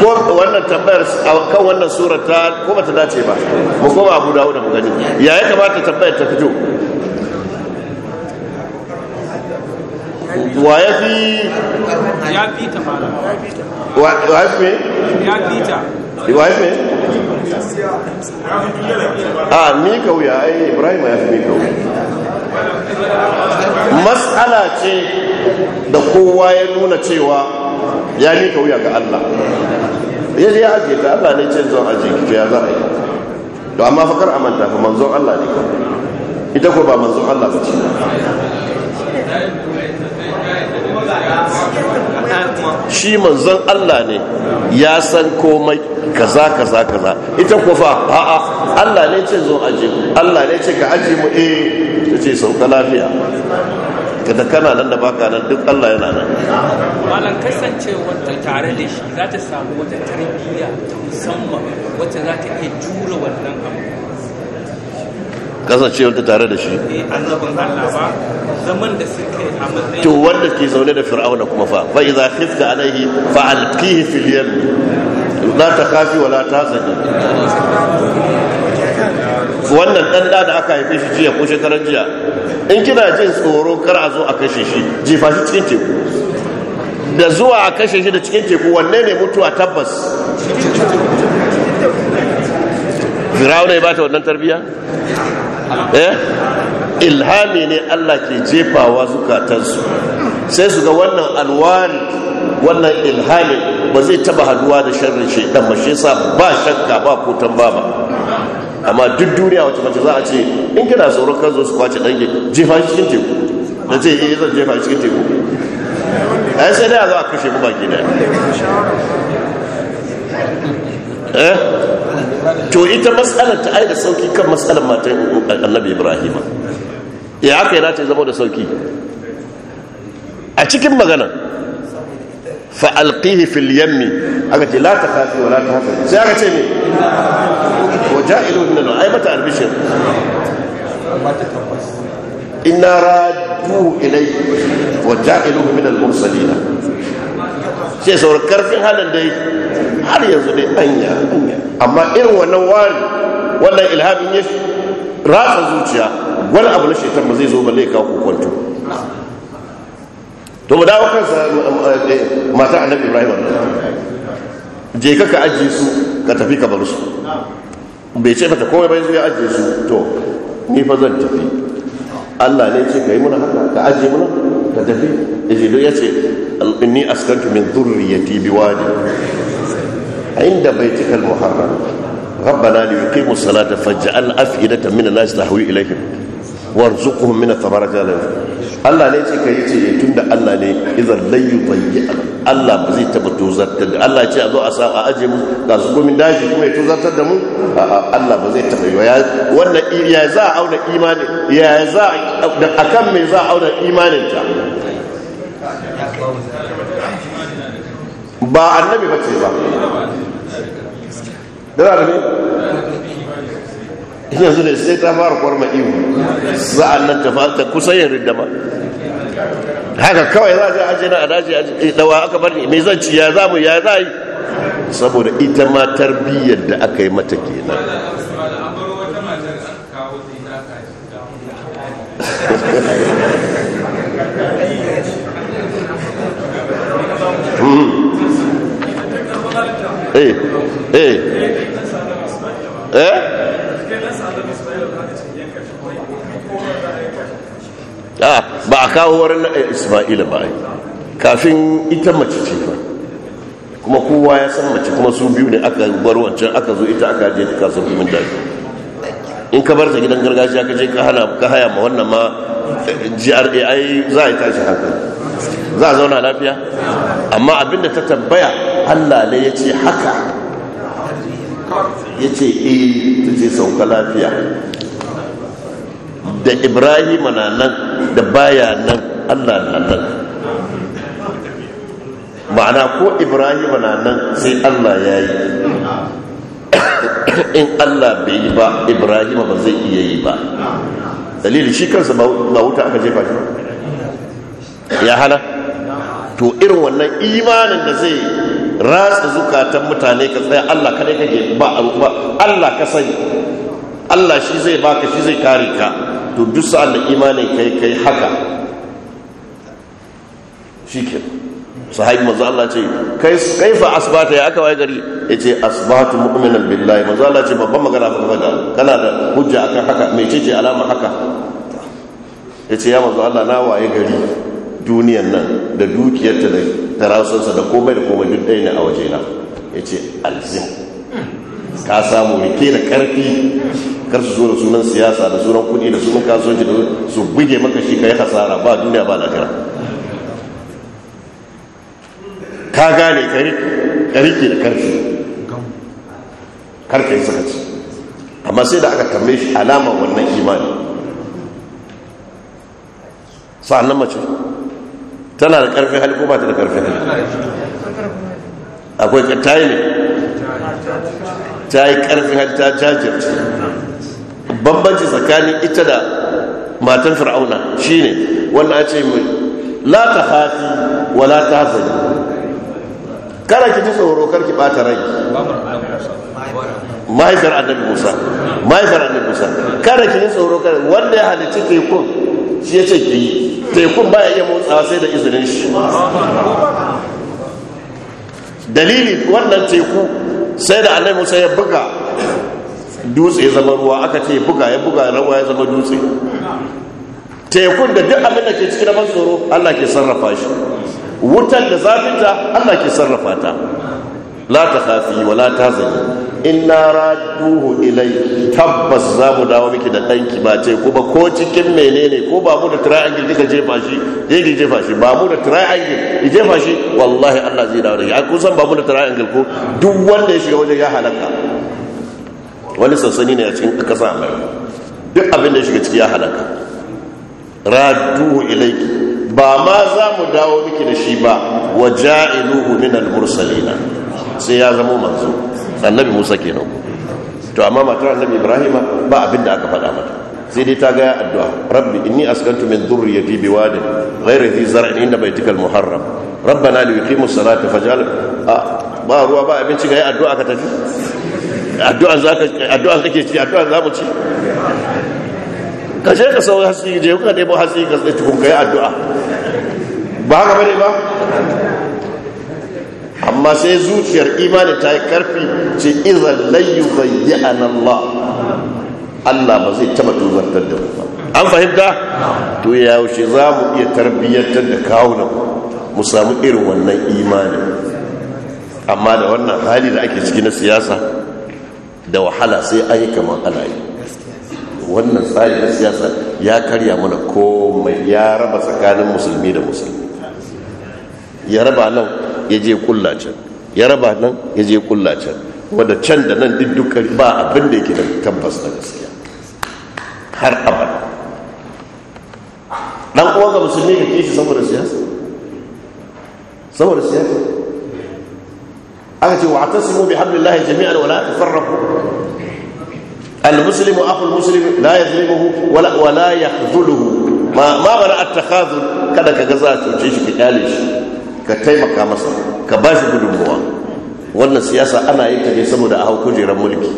Speaker 1: ko wannan tambayar kan wannan sura ta ko ta dace ba mu koma abu dawo da mu gani ya ya kamata tambayar ta fito wa ya fi ya fi ta wa ya fi ya fi ta riwayat ne a mika wuya ai ibrahim ya fi mika wuya matsala ce da kowa ya nuna cewa ya mika wuya ga allah ya je ya ajiye ta allah ne ce zon ajiye ki ya za a yi to amma fakar amanta fa manzon allah ne ita ko ba manzon allah ba ce shi manzon Allah ne ya san komai kaza kaza kaza ita ku fa a'a Allah ne ce zo aje Allah ne ce ka aje mu eh ce sauka lafiya kada kana nan da baka nan duk Allah yana nan malam kasance wata tare da shi za ta samu wata tarbiyya ta musamman wata za ta iya jure wannan abu kasance ta tare da shi eh, to wanda ke zaune da fir'auna kuma fa fa iza khifta alaihi fa alqihi fil yam la takhafi wa la tahzani wannan dan da da aka haife shi jiya ko shekaran jiya in kina jin tsoro kar a zo a kashe shi jefa shi cikin teku da zuwa a kashe shi da cikin teku wanne ne mutuwa tabbas fir'auna ya bata wannan tarbiyya Eh? ilhami ne Allah ke jefawa zukatansu sai su ga wannan alwari wannan ilhami ba zai taba haduwa da sharrin shaidan ba shi sa ba shakka ba kotan ba amma duk duniya wacce mace za a ce in kana tsoron kan zo su kwace ke jefa shi cikin teku da ce yi eh, zan jefa shi cikin teku ai sai a za a kashe mu ba da eh to ita matsalar ta aida sauki kan matsalar matan annabi ibrahim ya aka yana ta zama da sauki a cikin magana fa alqihi fil yammi aka ce la ta khafi wa ta hafi sai aka ce me wa ja'ilu min ai mata albishir inna radu ilayhi wa ja'ilu min al mursalin sai sauran karfin halin dai har yanzu dai anya anya amma irin wannan wari wannan ilhamin ya ratsa zuciya wani abu na shekar ba zai zo balle kawo kokonto to mu dawo kansa eh, mata annabi ibrahim je ka ka ajiye su ka tafi ka bar su bai ce mata komai bai zo ya ajiye su to ni fa zan tafi Allah ne ce ka yi muna haka ka ajiye muna ka tafi ya ce ni ce inni askantu min zurriyati biwadi عند بيتك المحرم ربنا ليقيموا الصلاة فاجعل أفئدة من الناس تهوي إليهم warzuquhum min ath-thamarati Allah ne ce ka yi ce tunda Allah ne idan lai yi. Allah ba zai taba tozartar da Allah ce a zo a sa a aje mu ga su gomin daji kuma ya tozartar da mu Allah ba zai taba ya wannan ya za a auna imanin? ya za a kan me za a auna imanin ta ba annabi ba ce ba dana da ne yanzu ne sai ta fara kwarma iwu a nan ta fata kusa yin riddama haka kawai za a je aje na a daji da dawa aka bar ne mai zan ci ya za mu ya za yi saboda ita ma tarbiyyar da aka yi mata kenan eh eh eh ah, ba a kawo wurin eh, isma'ila ba kafin ita mace ce ba kuma kowa ya san mace kuma su biyu ne aka bar wancan aka zo ita aka je ta kasar kumin daji in ka bar ta gidan gargajiya ka je ka haya ma wannan ma eh, gra ai za a yi tashi hankali za a zauna lafiya amma abinda ta tambaya allah ne ya ce haka ya ce e ta ce sauka lafiya da ibrahim na nan da baya nan allah na nan ma'ana ko ibrahim na nan sai allah ya yi in allah bai yi ba ibrahim ba zai iya yi ba dalilin shi kansa ba wuta aka jefa shi ya hana to irin wannan imanin da zai ratsa zukatan mutane ka tsaya Allah kadai kake ba ba Allah ka sani Allah shi zai baka shi zai kare ka to duk sa'an da imanin kai kai haka shikenan sahabi manzo Allah ce kai kaifa asbata ya aka waye gari yace asbatu mu'minan billahi manzo Allah ce babban magana ba ga kana da hujja akan haka me ce alama haka yace ya manzo Allah na waye gari duniyan nan da dukiyarta da tarasunsa da komai da komai duk ɗaya ne a na ya ce alzim ka samu rike da karfi kar su zo da sunan siyasa da sunan kudi da sunan kasuwanci da su buge maka shi ka yi hasara ba duniya ba lahira ka gane ka rike da karfi karka yi ci amma sai da aka tambaye shi alama wannan imani sa'an nan mace tana da karfin hali ko ba ta da karfin hali akwai ta yi ne ta yi karfin hali ta jajir bambanci tsakanin ita da matan fir'auna shine wannan a ce mai la ta hafi wa la ta hafi kada ki ji tsoro kar ki bata rai mahaifar annabi musa mahaifar annabi musa kada ki ji tsoro kar wanda ya halittu ke kun shi ya ce ki yi tekun baya iya motsa sai da izinin shi dalili wannan teku sai da annabi musa ya buga dutse zama ruwa aka ce buga ya buga rawa ya zama dutse tekun da duk abin da ke cikin abin tsoro allah ke sarrafa shi wutar da zafinta allah ke sarrafa ta la ta khafi wa la ta zani inna radduhu ilai tabbas za mu dawo miki da danki ba ce ko ba, ko cikin menene ko ba mu da triangle kika jefa shi je jefa shi ba mu da triangle ki jefa shi wallahi Allah zai dawo da shi kun san ba mu da triangle ko duk wanda ya shiga wajen ya halaka wani sansani ne a cikin kasa America duk abin da ya shiga ciki ya halaka radduhu ilaiki ba ma za mu dawo miki da shi ba wa ja'iluhu minal mursalina sai ya zama manzo annabi musa kenan to amma matar annabi ibrahima ba abin da aka faɗa mata sai dai ta ga ya addu'a rabbi inni askantu min dhurriyyati biwadin ghayri dhi zar'in inda baitikal muharram rabbana li yuqimu as-salata faj'al ba ruwa ba abinci ga ya addu'a ka tafi addu'an zaka addu'a kake ci addu'an zamu ci kaje ka sau hasi je ka dai hasi ka tsaye kun kai addu'a ba ga bane ba amma sai zuciyar imani ta yi karfi ce izan layu bayyana Allah Allah ba zai taba tuzantar da mu ba an fahimta to yaushe za mu iya tarbiyyantar da kawunan mu samu irin wannan imani amma da wannan hali da ake ciki na siyasa da wahala sai an yi kamar ana yi wannan tsari na siyasa ya karya mana komai ya raba tsakanin musulmi da musulmi ya raba nan ya je kulla can ya raba nan ya je kulla can wadda can da nan duk ba abin da yake da tabbas na gaskiya har abada dan uwa ga musulmi ka kishi saboda siyasa saboda siyasa aka ce wa tasimu jami'an wa la tafarraqu المسلم اخو المسلم لا يظلمه ولا ولا يخذله ما ما منع التخاذل kada ka ga za a ka taimaka masa ka ba shi gudunmuwa wannan siyasa ana yin ta ne saboda a hau kujerar mulki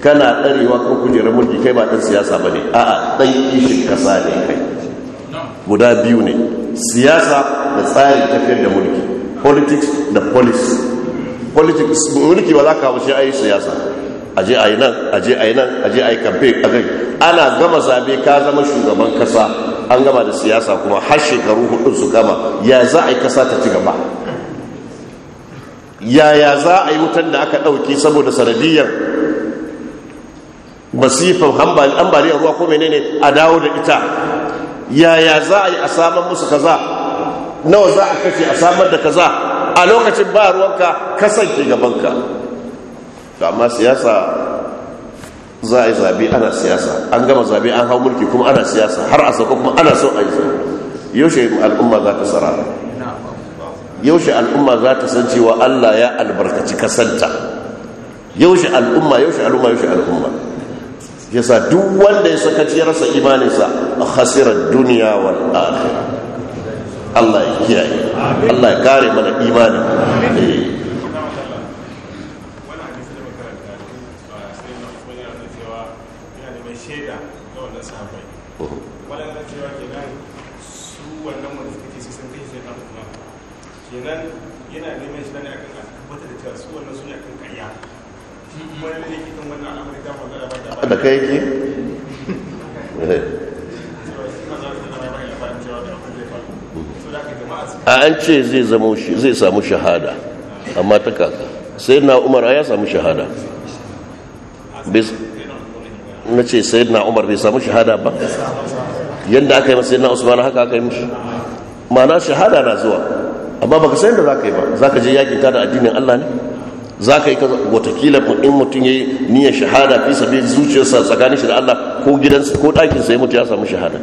Speaker 1: kana ɗarewa kan kujerar mulki kai ba ɗan siyasa ba ne a'a ɗan ishin ƙasa ne kai guda biyu ne siyasa da tsarin tafiyar da mulki politics da polis politics mulki ba za ka wuce a yi siyasa a je a yi nan a je a yi nan a je a yi kamfe a kai ana gama zabe ka zama shugaban kasa an gama da siyasa kuma har shekaru hudu su gama ya za a yi kasa ta ci gaba yaya za a yi wutan da aka ɗauki saboda sanadiyar basifin a ruwa ko menene a dawo da ita yaya za a yi a samar musu kaza nawa za a kashe a samar da kaza a lokacin ba ruwanka kasance gabanka amma siyasa za a yi zabe ana siyasa an gama zabe an hau mulki kuma ana siyasa har a sauka kuma ana so a yi zabe yaushe al'umma za ta tsara? yaushe al'umma za ta san cewa Allah ya albarkaci kasanta yaushe al'umma yaushe al'umma yaushe al'umma sa duk wanda ya sakaci ya rasa imaninsa hasirar duniya wa akhirah Allah ya kiyaye Allah ya kare mana imanin eh. kenan yana neman shi ne akan a tabbatar da cewa su wannan suna kan akan wani ne kitan wannan al'amari ba da ba da kai ke eh. a an ce zai zai samu shahada amma ta kaka sai na umar ya samu shahada na ce sai na umar bai samu shahada ba yadda aka yi masu na usman haka aka yi mishi ma'ana shahada na zuwa amma baka san da zaka yi ba zaka je yakin ta da addinin Allah ne zaka yi ka watakila in mutum yayi niyyar shahada fi sabi zuciyarsa tsakanin shi da Allah ko gidansa ko ɗakin sa ya mutu ya samu shahada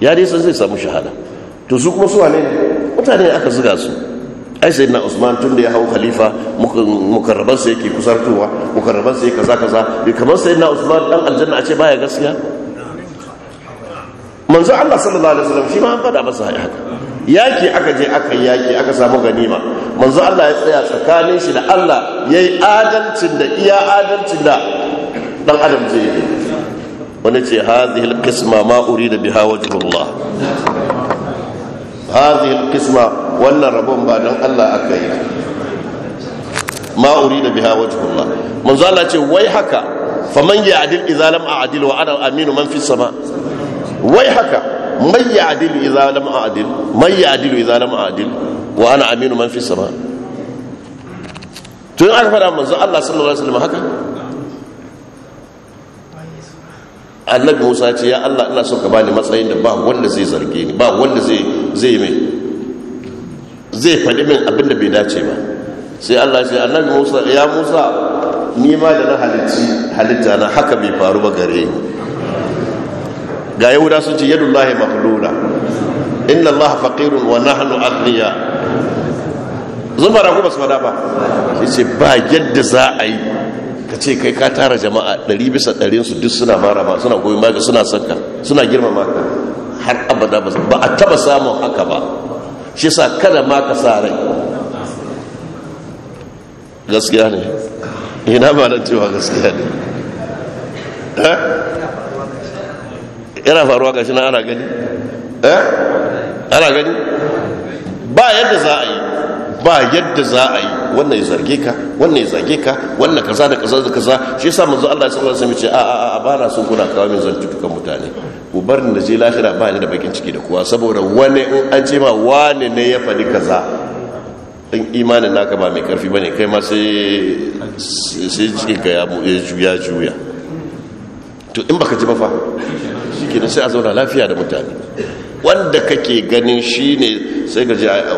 Speaker 1: ya dai san zai samu shahada to su kuma su wane mutane aka zuga su ai sayyidina Usman tun da ya hau khalifa mukarraban sa yake kusartowa mukarraban sa yake kaza kaza bai kamar sayyidina Usman dan aljanna a ce baya gaskiya manzo Allah sallallahu alaihi wasallam shi ma an fada masa haka yaki aka je aka yaki aka samu ganima manzo Allah ya tsaya tsakanin shi da Allah yayi adalcin da iya adalcin da dan adam zai yi wani ce hadhihi alqisma ma urida biha wajhullah hadhihi alqisma wannan rabon ba dan Allah aka yi ma urida biha wajhullah manzo Allah ce wai haka faman ya'dil idza lam a'dil wa ana aminu man fi sama wai haka man ya'dilu idza lam a'dil man ya'dilu idza lam a'dil wa ana aminu man fi sama to an aka fara manzo Allah sallallahu alaihi wasallam haka annabi Musa ce ya Allah ina so ka bani matsayin da ba wanda zai zarge ni ba wanda zai zai mai zai faɗi min abin da bai dace ba sai Allah ce annabi Musa ya Musa ni ma da na halitta na haka bai faru ba gare ni ga yahuda sun ce yadullahi mahlula inna allaha faqirun wa nahnu zuma zumara ko su fada ba ce ba yadda za a yi ka ce kai ka tara jama'a ɗari bisa ɗari su duk suna mara ba suna goyi maka suna sanka suna girma maka har abada ba a taba samun haka ba shi sa kada ma ka sa rai gaskiya ne ina ba na cewa gaskiya ne eh? yana faruwa ga shi na ana gani eh ana gani ba yadda za a yi ba yadda za a yi wannan ya zarge ka wannan ya zage ka wannan kaza da kaza da kaza shi yasa manzo Allah sallallahu alaihi wasallam ya ce a a a ba na kuna kawo min zantukan mutane ku bar ni da je lahira ba ni da bakin ciki da kowa saboda wani in an ce ma wani ne ya fadi kaza in imanin naka ba mai karfi bane kai ma sai sai cikin ka ya juya juya to in baka ji ba fa shikenan sai a zauna lafiya da mutane wanda kake ganin shine sai ka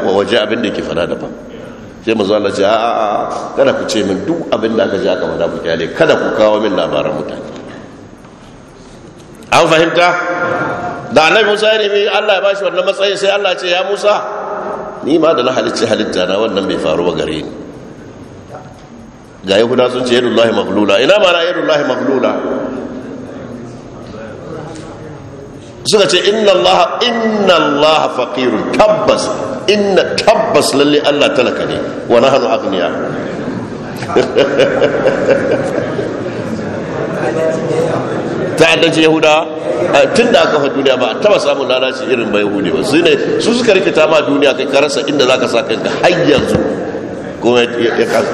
Speaker 1: waje abin da yake da ba sai manzo Allah ce a'a kada ku ce min duk abin da aka ji aka fada ku kyale kada ku kawo min labaran mutane an fahimta da annabi Musa ya nemi Allah ya bashi wannan matsayi sai Allah ce ya Musa ni ma da na halicci halitta na wannan bai faru ba gare ni ga yahuda sun ce yadullahi maglula ina ma na yadullahi maglula suka ce inna Allah inna Allah faqirun tabbas inna tabbas lalle Allah talaka ne wa nahnu aghniya ta'addanci yahuda tun da aka fa duniya ba taba samun lalaci irin ba yahudi ba su ne su suka rikita ma duniya kai ka rasa inda zaka sa kanka har yanzu kuma ya kasa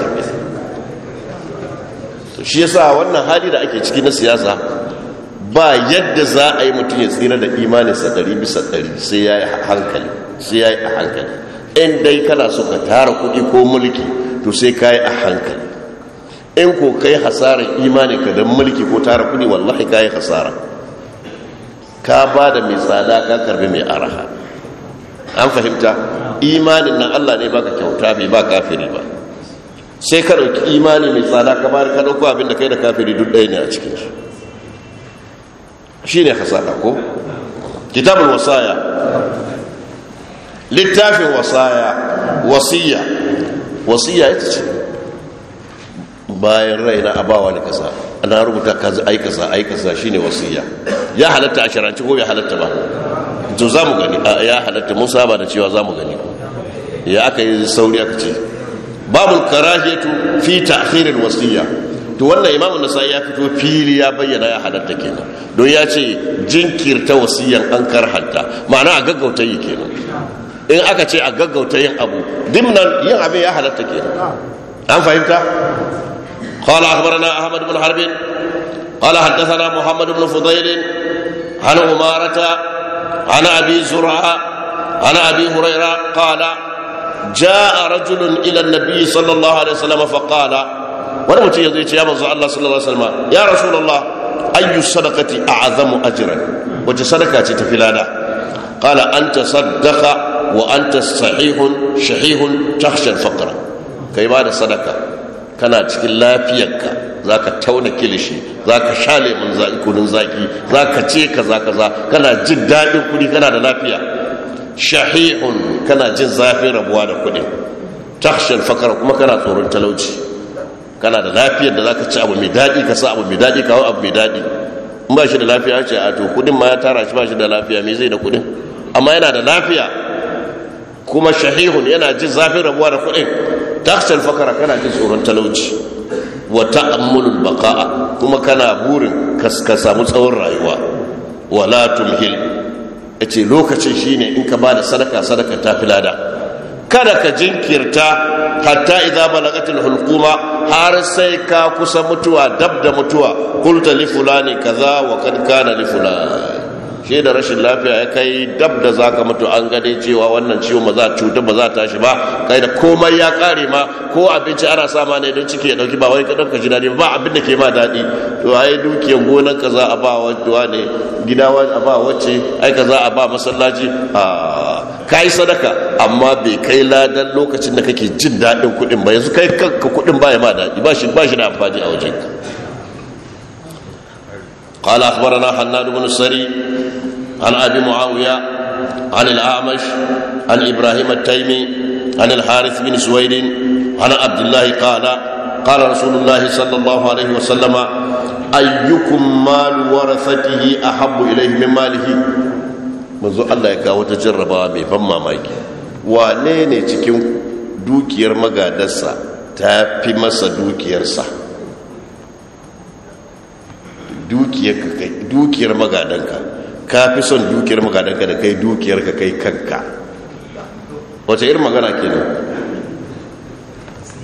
Speaker 1: to shi yasa wannan hali da ake ciki na siyasa ba yadda za a yi mutum ya tsira da imaninsa ɗari bisa ɗari sai ya yi hankali sai ya yi a hankali in dai kana so ka tara kuɗi ko mulki to sai ka yi a hankali in ko kai hasarar ka don mulki ko tara kuɗi wallahi ka yi hasara ka ba da mai tsada ka karbi mai araha an fahimta imanin nan allah ne baka kyauta bai ba kafiri ba sai ka ɗauki imani mai tsada ka ba ka ɗauko abin da kai da kafiri duk ɗaya ne a cikin shi ne khasara ko kitabul wasaya littafin wasaya wasiya wasiya ita ce bayan raina a bawa ni kasa ana rubuta kaza ai kasa ai kasa shine wasiya ya halatta a sharanci ko ya halatta ba to za mu gani ya halatta mun saba da cewa za mu gani ya aka yi sauri aka ce babu karahiyatu fi ta'khiril wasiya to wannan imamu ya fito fili ya bayyana ya halatta kenan don ya ce jinkirta wasiyan an karhanta ma'ana a gaggauta yi kenan in aka ce a gaggauta yin abu dimnan yin abin ya halatta kenan an fahimta قال اخبرنا احمد بن حرب قال حدثنا محمد بن فضيل عن عمارة عن ابي زرعة عن ابي هريرة قال جاء رجل الى النبي صلى الله عليه وسلم فقال wani mutum ya zai ce ya manzo Allah sallallahu alaihi wasallam ya rasulullah ayyu sadaqati a'zamu ajran wace sadaka ce tafi lada qala anta saddaqa wa anta sahihun shahihun takhsha al-faqra kai ba da sadaka kana cikin lafiyarka zaka tauna kilishi zaka sha lemun zaki kunun zaki zaka ce kaza kaza kana jin dadin kudi kana da lafiya shahihun kana jin zafin rabuwa da kudi takhsha al kuma kana tsoron talauci kana da lafiyar da ka ci abu mai daɗi ka sa abu mai daɗi kawo abu mai daɗi in ba shi da lafiya ce a to kudin ma ya tara shi ba shi da lafiya me zai da kudin amma yana da lafiya kuma shahihun yana jin zafin rabuwa da kudin taksal fakara kana jin tsoron talauci wa ta'ammulul baqa'a kuma kana burin ka samu tsawon rayuwa wala tumhil yace lokacin shine in ka ba da sadaka sadaka ta filada kada ka jinkirta hatta idza balagatil hulquma har sai ka kusa mutuwa dab da mutuwa qulta li fulani kaza wa kad kana li fulani shi da rashin lafiya ya kai dab da zaka mutu an gade cewa wannan ciwo ba za cuta ba za tashi ba kai da komai ya kare ma ko abinci ana sama ne don ciki ya dauki ba wai ka dauka dadi ba abin da ke ma dadi to ai dukiyar gonar ka za a ba wa ne gida a ba wacce ai ka a ba masallaci a ah. ka yi sadaka amma bai kai ladan lokacin da kake jin daɗin kuɗin ba yanzu kai kanka kuɗin ba ya ma daɗi ba shi ba shi da amfani a wajen ka قال أخبرنا حناد بن السري عن أبي معاوية عن الأعمش عن إبراهيم التيمي عن الحارث بن سويد عن عبد الله قال قال رسول الله صلى الله عليه وسلم أيكم مال ورثته أحب إليه من ماله manzo Allah ya kawo wata jarrabawa mai ban mamaki wane ne cikin dukiyar magadarsa ta fi masa dukiyarsa dukiyar magadanka ka fi son dukiyar magadanka da kai dukiyar ka kai kanka wace irin magana kenan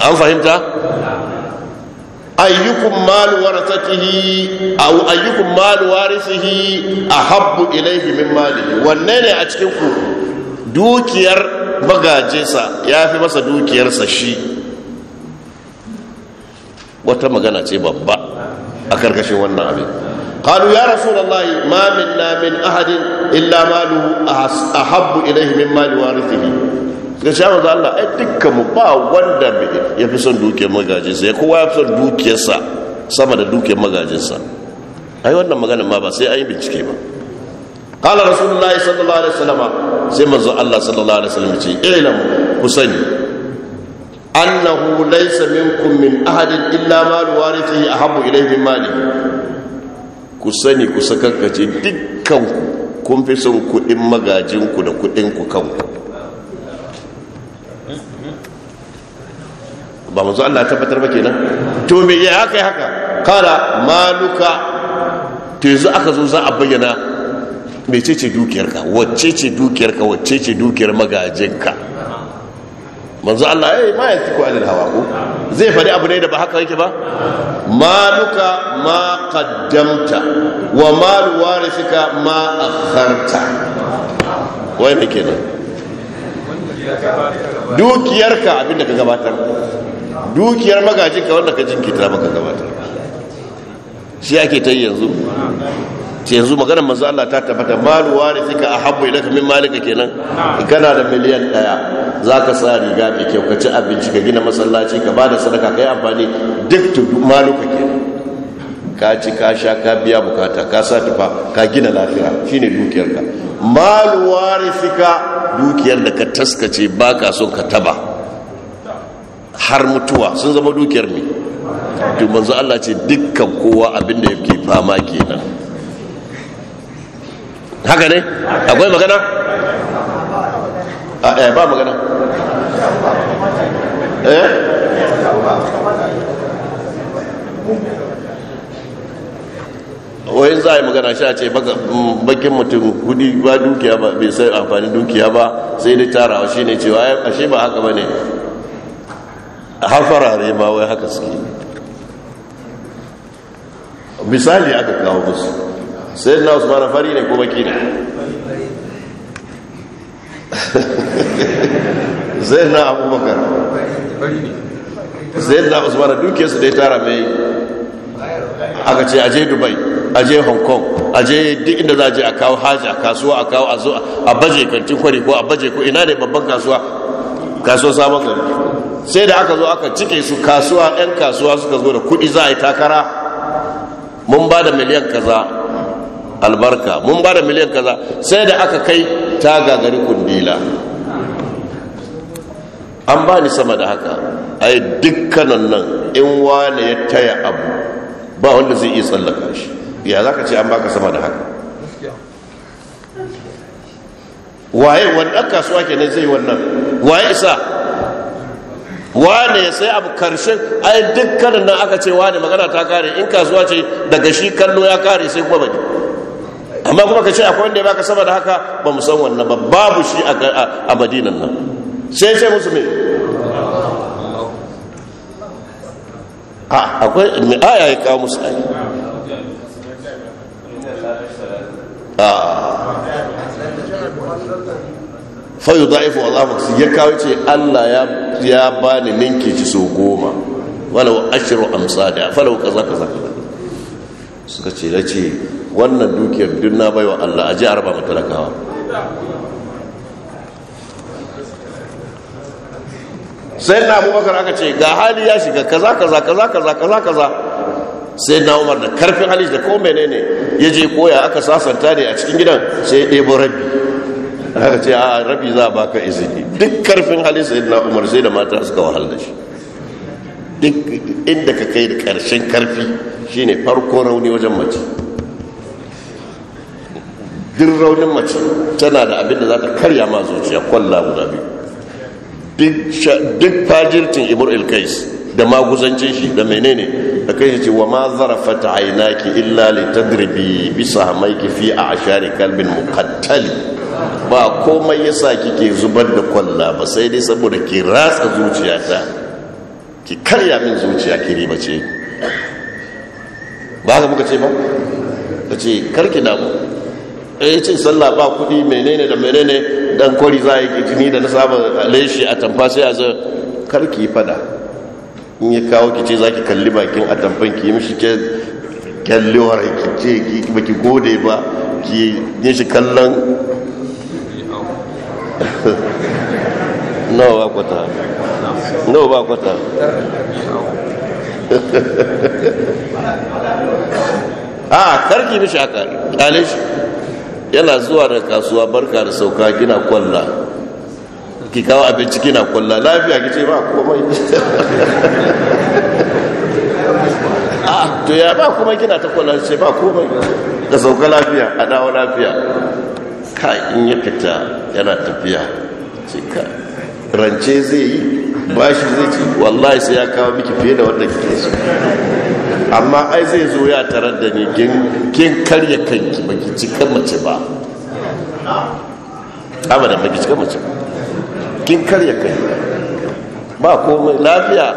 Speaker 1: an fahimta ayyukun mal warasatihi aw ayyukum mal warisihi ahabbu ilayhi min malihi wanne ne a cikin ku dukiyar magajinsa ya fi masa dukiyarsa shi wata magana ce babba a karkashin wannan abin قالوا يا رسول الله ما منا من أحد إلا ماله أحب min mali مال ga shawar da Allah ai dukkan mu ba wanda ya fi son dukiyar magajinsa ya kowa ya fi son dukiyarsa sama da dukiyar magajinsa ai wannan magana ma ba sai an yi bincike ba qala rasulullahi sallallahu alaihi wasallam sai manzo Allah sallallahu alaihi wasallam ce ilmu ku sani annahu laysa minkum min ahadin illa mal warithi ahabu ilayhi min mali. ku sani ku sakakkace dukkan ku kun fi son kuɗin magajinku da kuɗin ku kanku ba manzo Allah ya tabbatar ba kenan to me ya haka haka kala maluka to yanzu aka zo za a bayyana ce dukiyar ka, wacce ce dukiyar ka, wacce ce dukiyar ka manzo Allah eh ma ya ko alil hawa ko zai fari abu ne da ba haka yake ba maluka ma qaddamta wa mal warithika ma akharta wai ne kenan dukiyarka abinda ka gabatar dukiyar magajin ka wanda ka jinkita maka gabatar shi ake ta yanzu yanzu maganar manzo Allah ta tabbata malu a ahabbu ilaka min malika kenan na da miliyan daya ka sa riga mai kyau ka ci abinci ka gina masallaci ka bada sadaka ka yi amfani duk malu ka kenan ka ci ka sha ka biya bukata ka sa tufa ka gina lafiya shine dukiyarka malu ka dukiyar da ka taskace ba ka so ka taba har mutuwa sun zama dukiyar mai to manzo Allah ce dukkan kowa abin da yake fama kenan haka ne akwai magana a eh ba magana eh wai za a yi magana sha ce bakin mutum hudu ba dukiya ba bai sai amfani dukiya ba sai da tarawa shine cewa ashe ba haka ba ne har farare ma wai haka suke misali aka kawo musu sai na usman fari ne ko baki ne sai na abubakar sai na usman duke su dai tara mai aka ce aje dubai aje hong kong aje duk inda za a je a kawo haji a kasuwa a kawo a zo a baje kantin kwari ko a baje ko ina ne babban kasuwa kasuwa sabon gari sai da aka zo aka cike su kasuwa 'yan kasuwa suka zo da kudi za a yi takara mun ba da miliyan kaza albarka mun ba da miliyan kaza sai da aka kai ta gagari kundila an ba ni sama da haka yi dukkanan nan in wane ya taya abu ba wanda zai iya tsallaka shi ya za ka ce an baka sama da haka waye wanda kasuwa kenan zai wannan waye isa wane ya sai abu karshen ai dukkanin nan aka ce wane magana ta kare in kasuwa ce daga shi kallo ya kare sai kuma bane amma kuma ka ce akwai wanda ya baka sama da haka ba mu san wannan ba babu shi a madinan nan sai sai musu me a akwai mai aya ya kawo musu ai a fayu da'ifu wa zafi ya kawo ce allah ya ba ni ninki ci so goma walau ashiru amsa da falau kaza kaza kaza suka ce da ce wannan dukiyar duk na baiwa allah a ji arba matalakawa sai na abubakar aka ce ga hali ya shiga kaza kaza kaza kaza kaza kaza sai na umar da karfin halis da ko menene ya je koya aka sasanta ne a cikin gidan sai ɗebo rabi aka ce a rabi za a baka izini duk karfin sai na umar sai da mata suka wahal da shi duk inda ka kai da karshen karfi shine farko rauni wajen mace duk raunin mace tana da abin da za ta karya ma zuciya kwalla guda biyu duk fajirtin imur ilkais da maguzancin shi da menene da kai shi ce wa ma zarafa ta ainaki illa li tadribi bisa hamaiki fi a ashari kalbin muqattali ba komai yasa kike zubar da kwalla ba sai dai saboda ki ratsa zuciyata ki karya min zuciya ki ribace ba ka muka ce ba ka ce karki damu yi eh, cin sallah ba kudi menene da menene dan kwari za a yi jini da na saba leshi a tamfa sai a zai karki fada in ya kawo ki ce za ki kalli bakin a tamfan ki yi mishi kyallewar ki ce ki baki gode ba ki yi shi kallon nawa ba kwata nawa ba kwata a ah, karki mishi haka kyale shi yana zuwa da kasuwa barka da sauka gina kwalla ki kawo abinci gina kwalla lafiya ki ce ba komai a ah, to ya ba kuma gina ta kwalla ce ba komai da sauka lafiya a dawo lafiya ka in ya fita yana tafiya cika ka rance zai yi bashi zai ci wallahi sai ya kawo miki fiye da wanda kike so amma ai zai zo ya tarar da ni kin karya kanki baki ci kan mace ba da baki ci kan mace ba kin karya kanki ba komai lafiya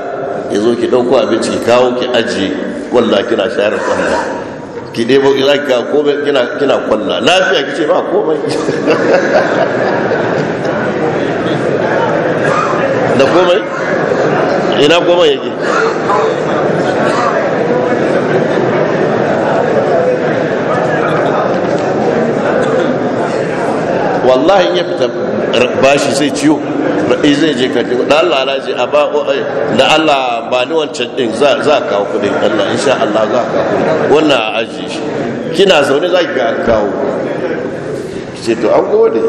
Speaker 1: ya zo ki ɗauko abinci ki kawo ki aji wallahi kina shayar da ki debo ki zaki ga komai kina kina kwalla lafiya kice ba komai da komai ina komai yake wallahi in ya fita bashi zai ciwo raɗi eh, zai je ka da Allah ala je a ba eh, da Allah ba ni wancan ɗin za a kawo kudin Allah sha Allah za a kawo kudin wannan a ajiye shi kina zaune za ki ga an kawo ce to an gode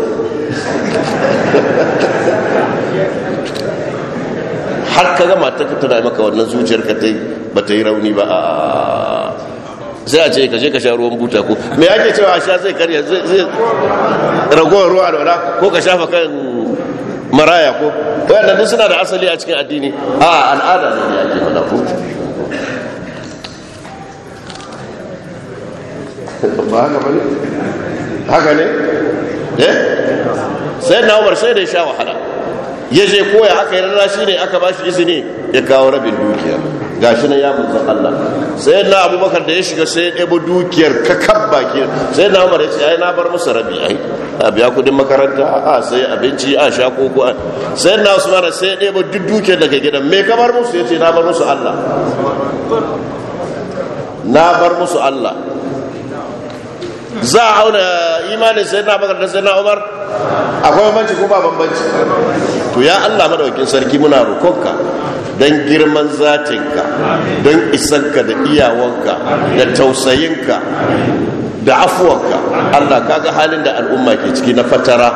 Speaker 1: har ka gama ta tana maka wannan zuciyar ka ta yi ba ta yi rauni ba sai a ce ka je ka sha ruwan buta ko me ake cewa a sha zai karya zai ragowar ruwa wala ko ka shafa kan maraya ko wayannan duk suna da asali a cikin addini a al'ada ne ake mana ko ba haka ba ne haka ne eh sai na umar sai da ya sha wahala ya je koya aka yi rana shi ne aka ba shi izini ya kawo rabin dukiya gashi na ya manzan Allah sai na abubakar da ya shiga sai ya ɗebo dukiyar kakar baki sai na umar ya ce ai na bar musu rabi ai a biya kudin makaranta a sai abinci a sha koko sai na sai ya duk dukiyar daga gidan ka bar musu ya ce na bar musu Allah na bar musu Allah za a auna imanin sai na bakar da sai na umar akwai bambanci ko ba bambanci to ya allah madaukin sarki muna rokonka don girman zatinka don isanka da iyawanka da tausayinka da afuwanka allah kaga halin da al'umma ke ciki na fatara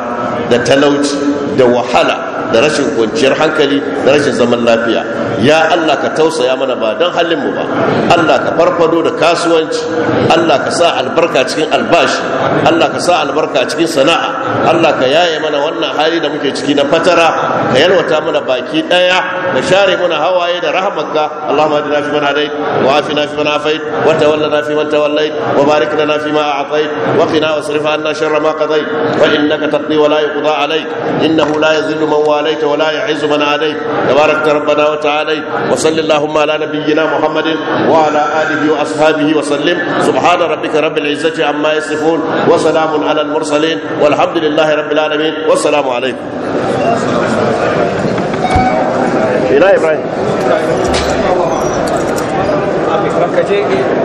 Speaker 1: da talauci da wahala da rashin kwanciyar hankali da rashin zaman lafiya ya Allah ka tausaya mana ba don halin mu ba Allah ka farfado da kasuwanci Allah ka sa albarka cikin albashi Allah ka sa albarka cikin sana'a Allah ka yaye mana wannan hali da muke ciki na fatara ka yalwata mana baki daya ka share mana hawaye da rahmatka Allahumma adina fi man hadait wa na fi man afait wa na fi man tawallait wa barik lana fi ma a'tait wa qina wasrif anna sharra ma qadait fa innaka taqdi wa la yuqda alayk innahu la man wala عليت ولا يعز من عليك تبارك ربنا وتعالى وصل اللهم على نبينا محمد وعلى آله وأصحابه وسلم سبحان ربك رب العزة عما يصفون وسلام على المرسلين والحمد لله رب العالمين والسلام عليكم إلى إبراهيم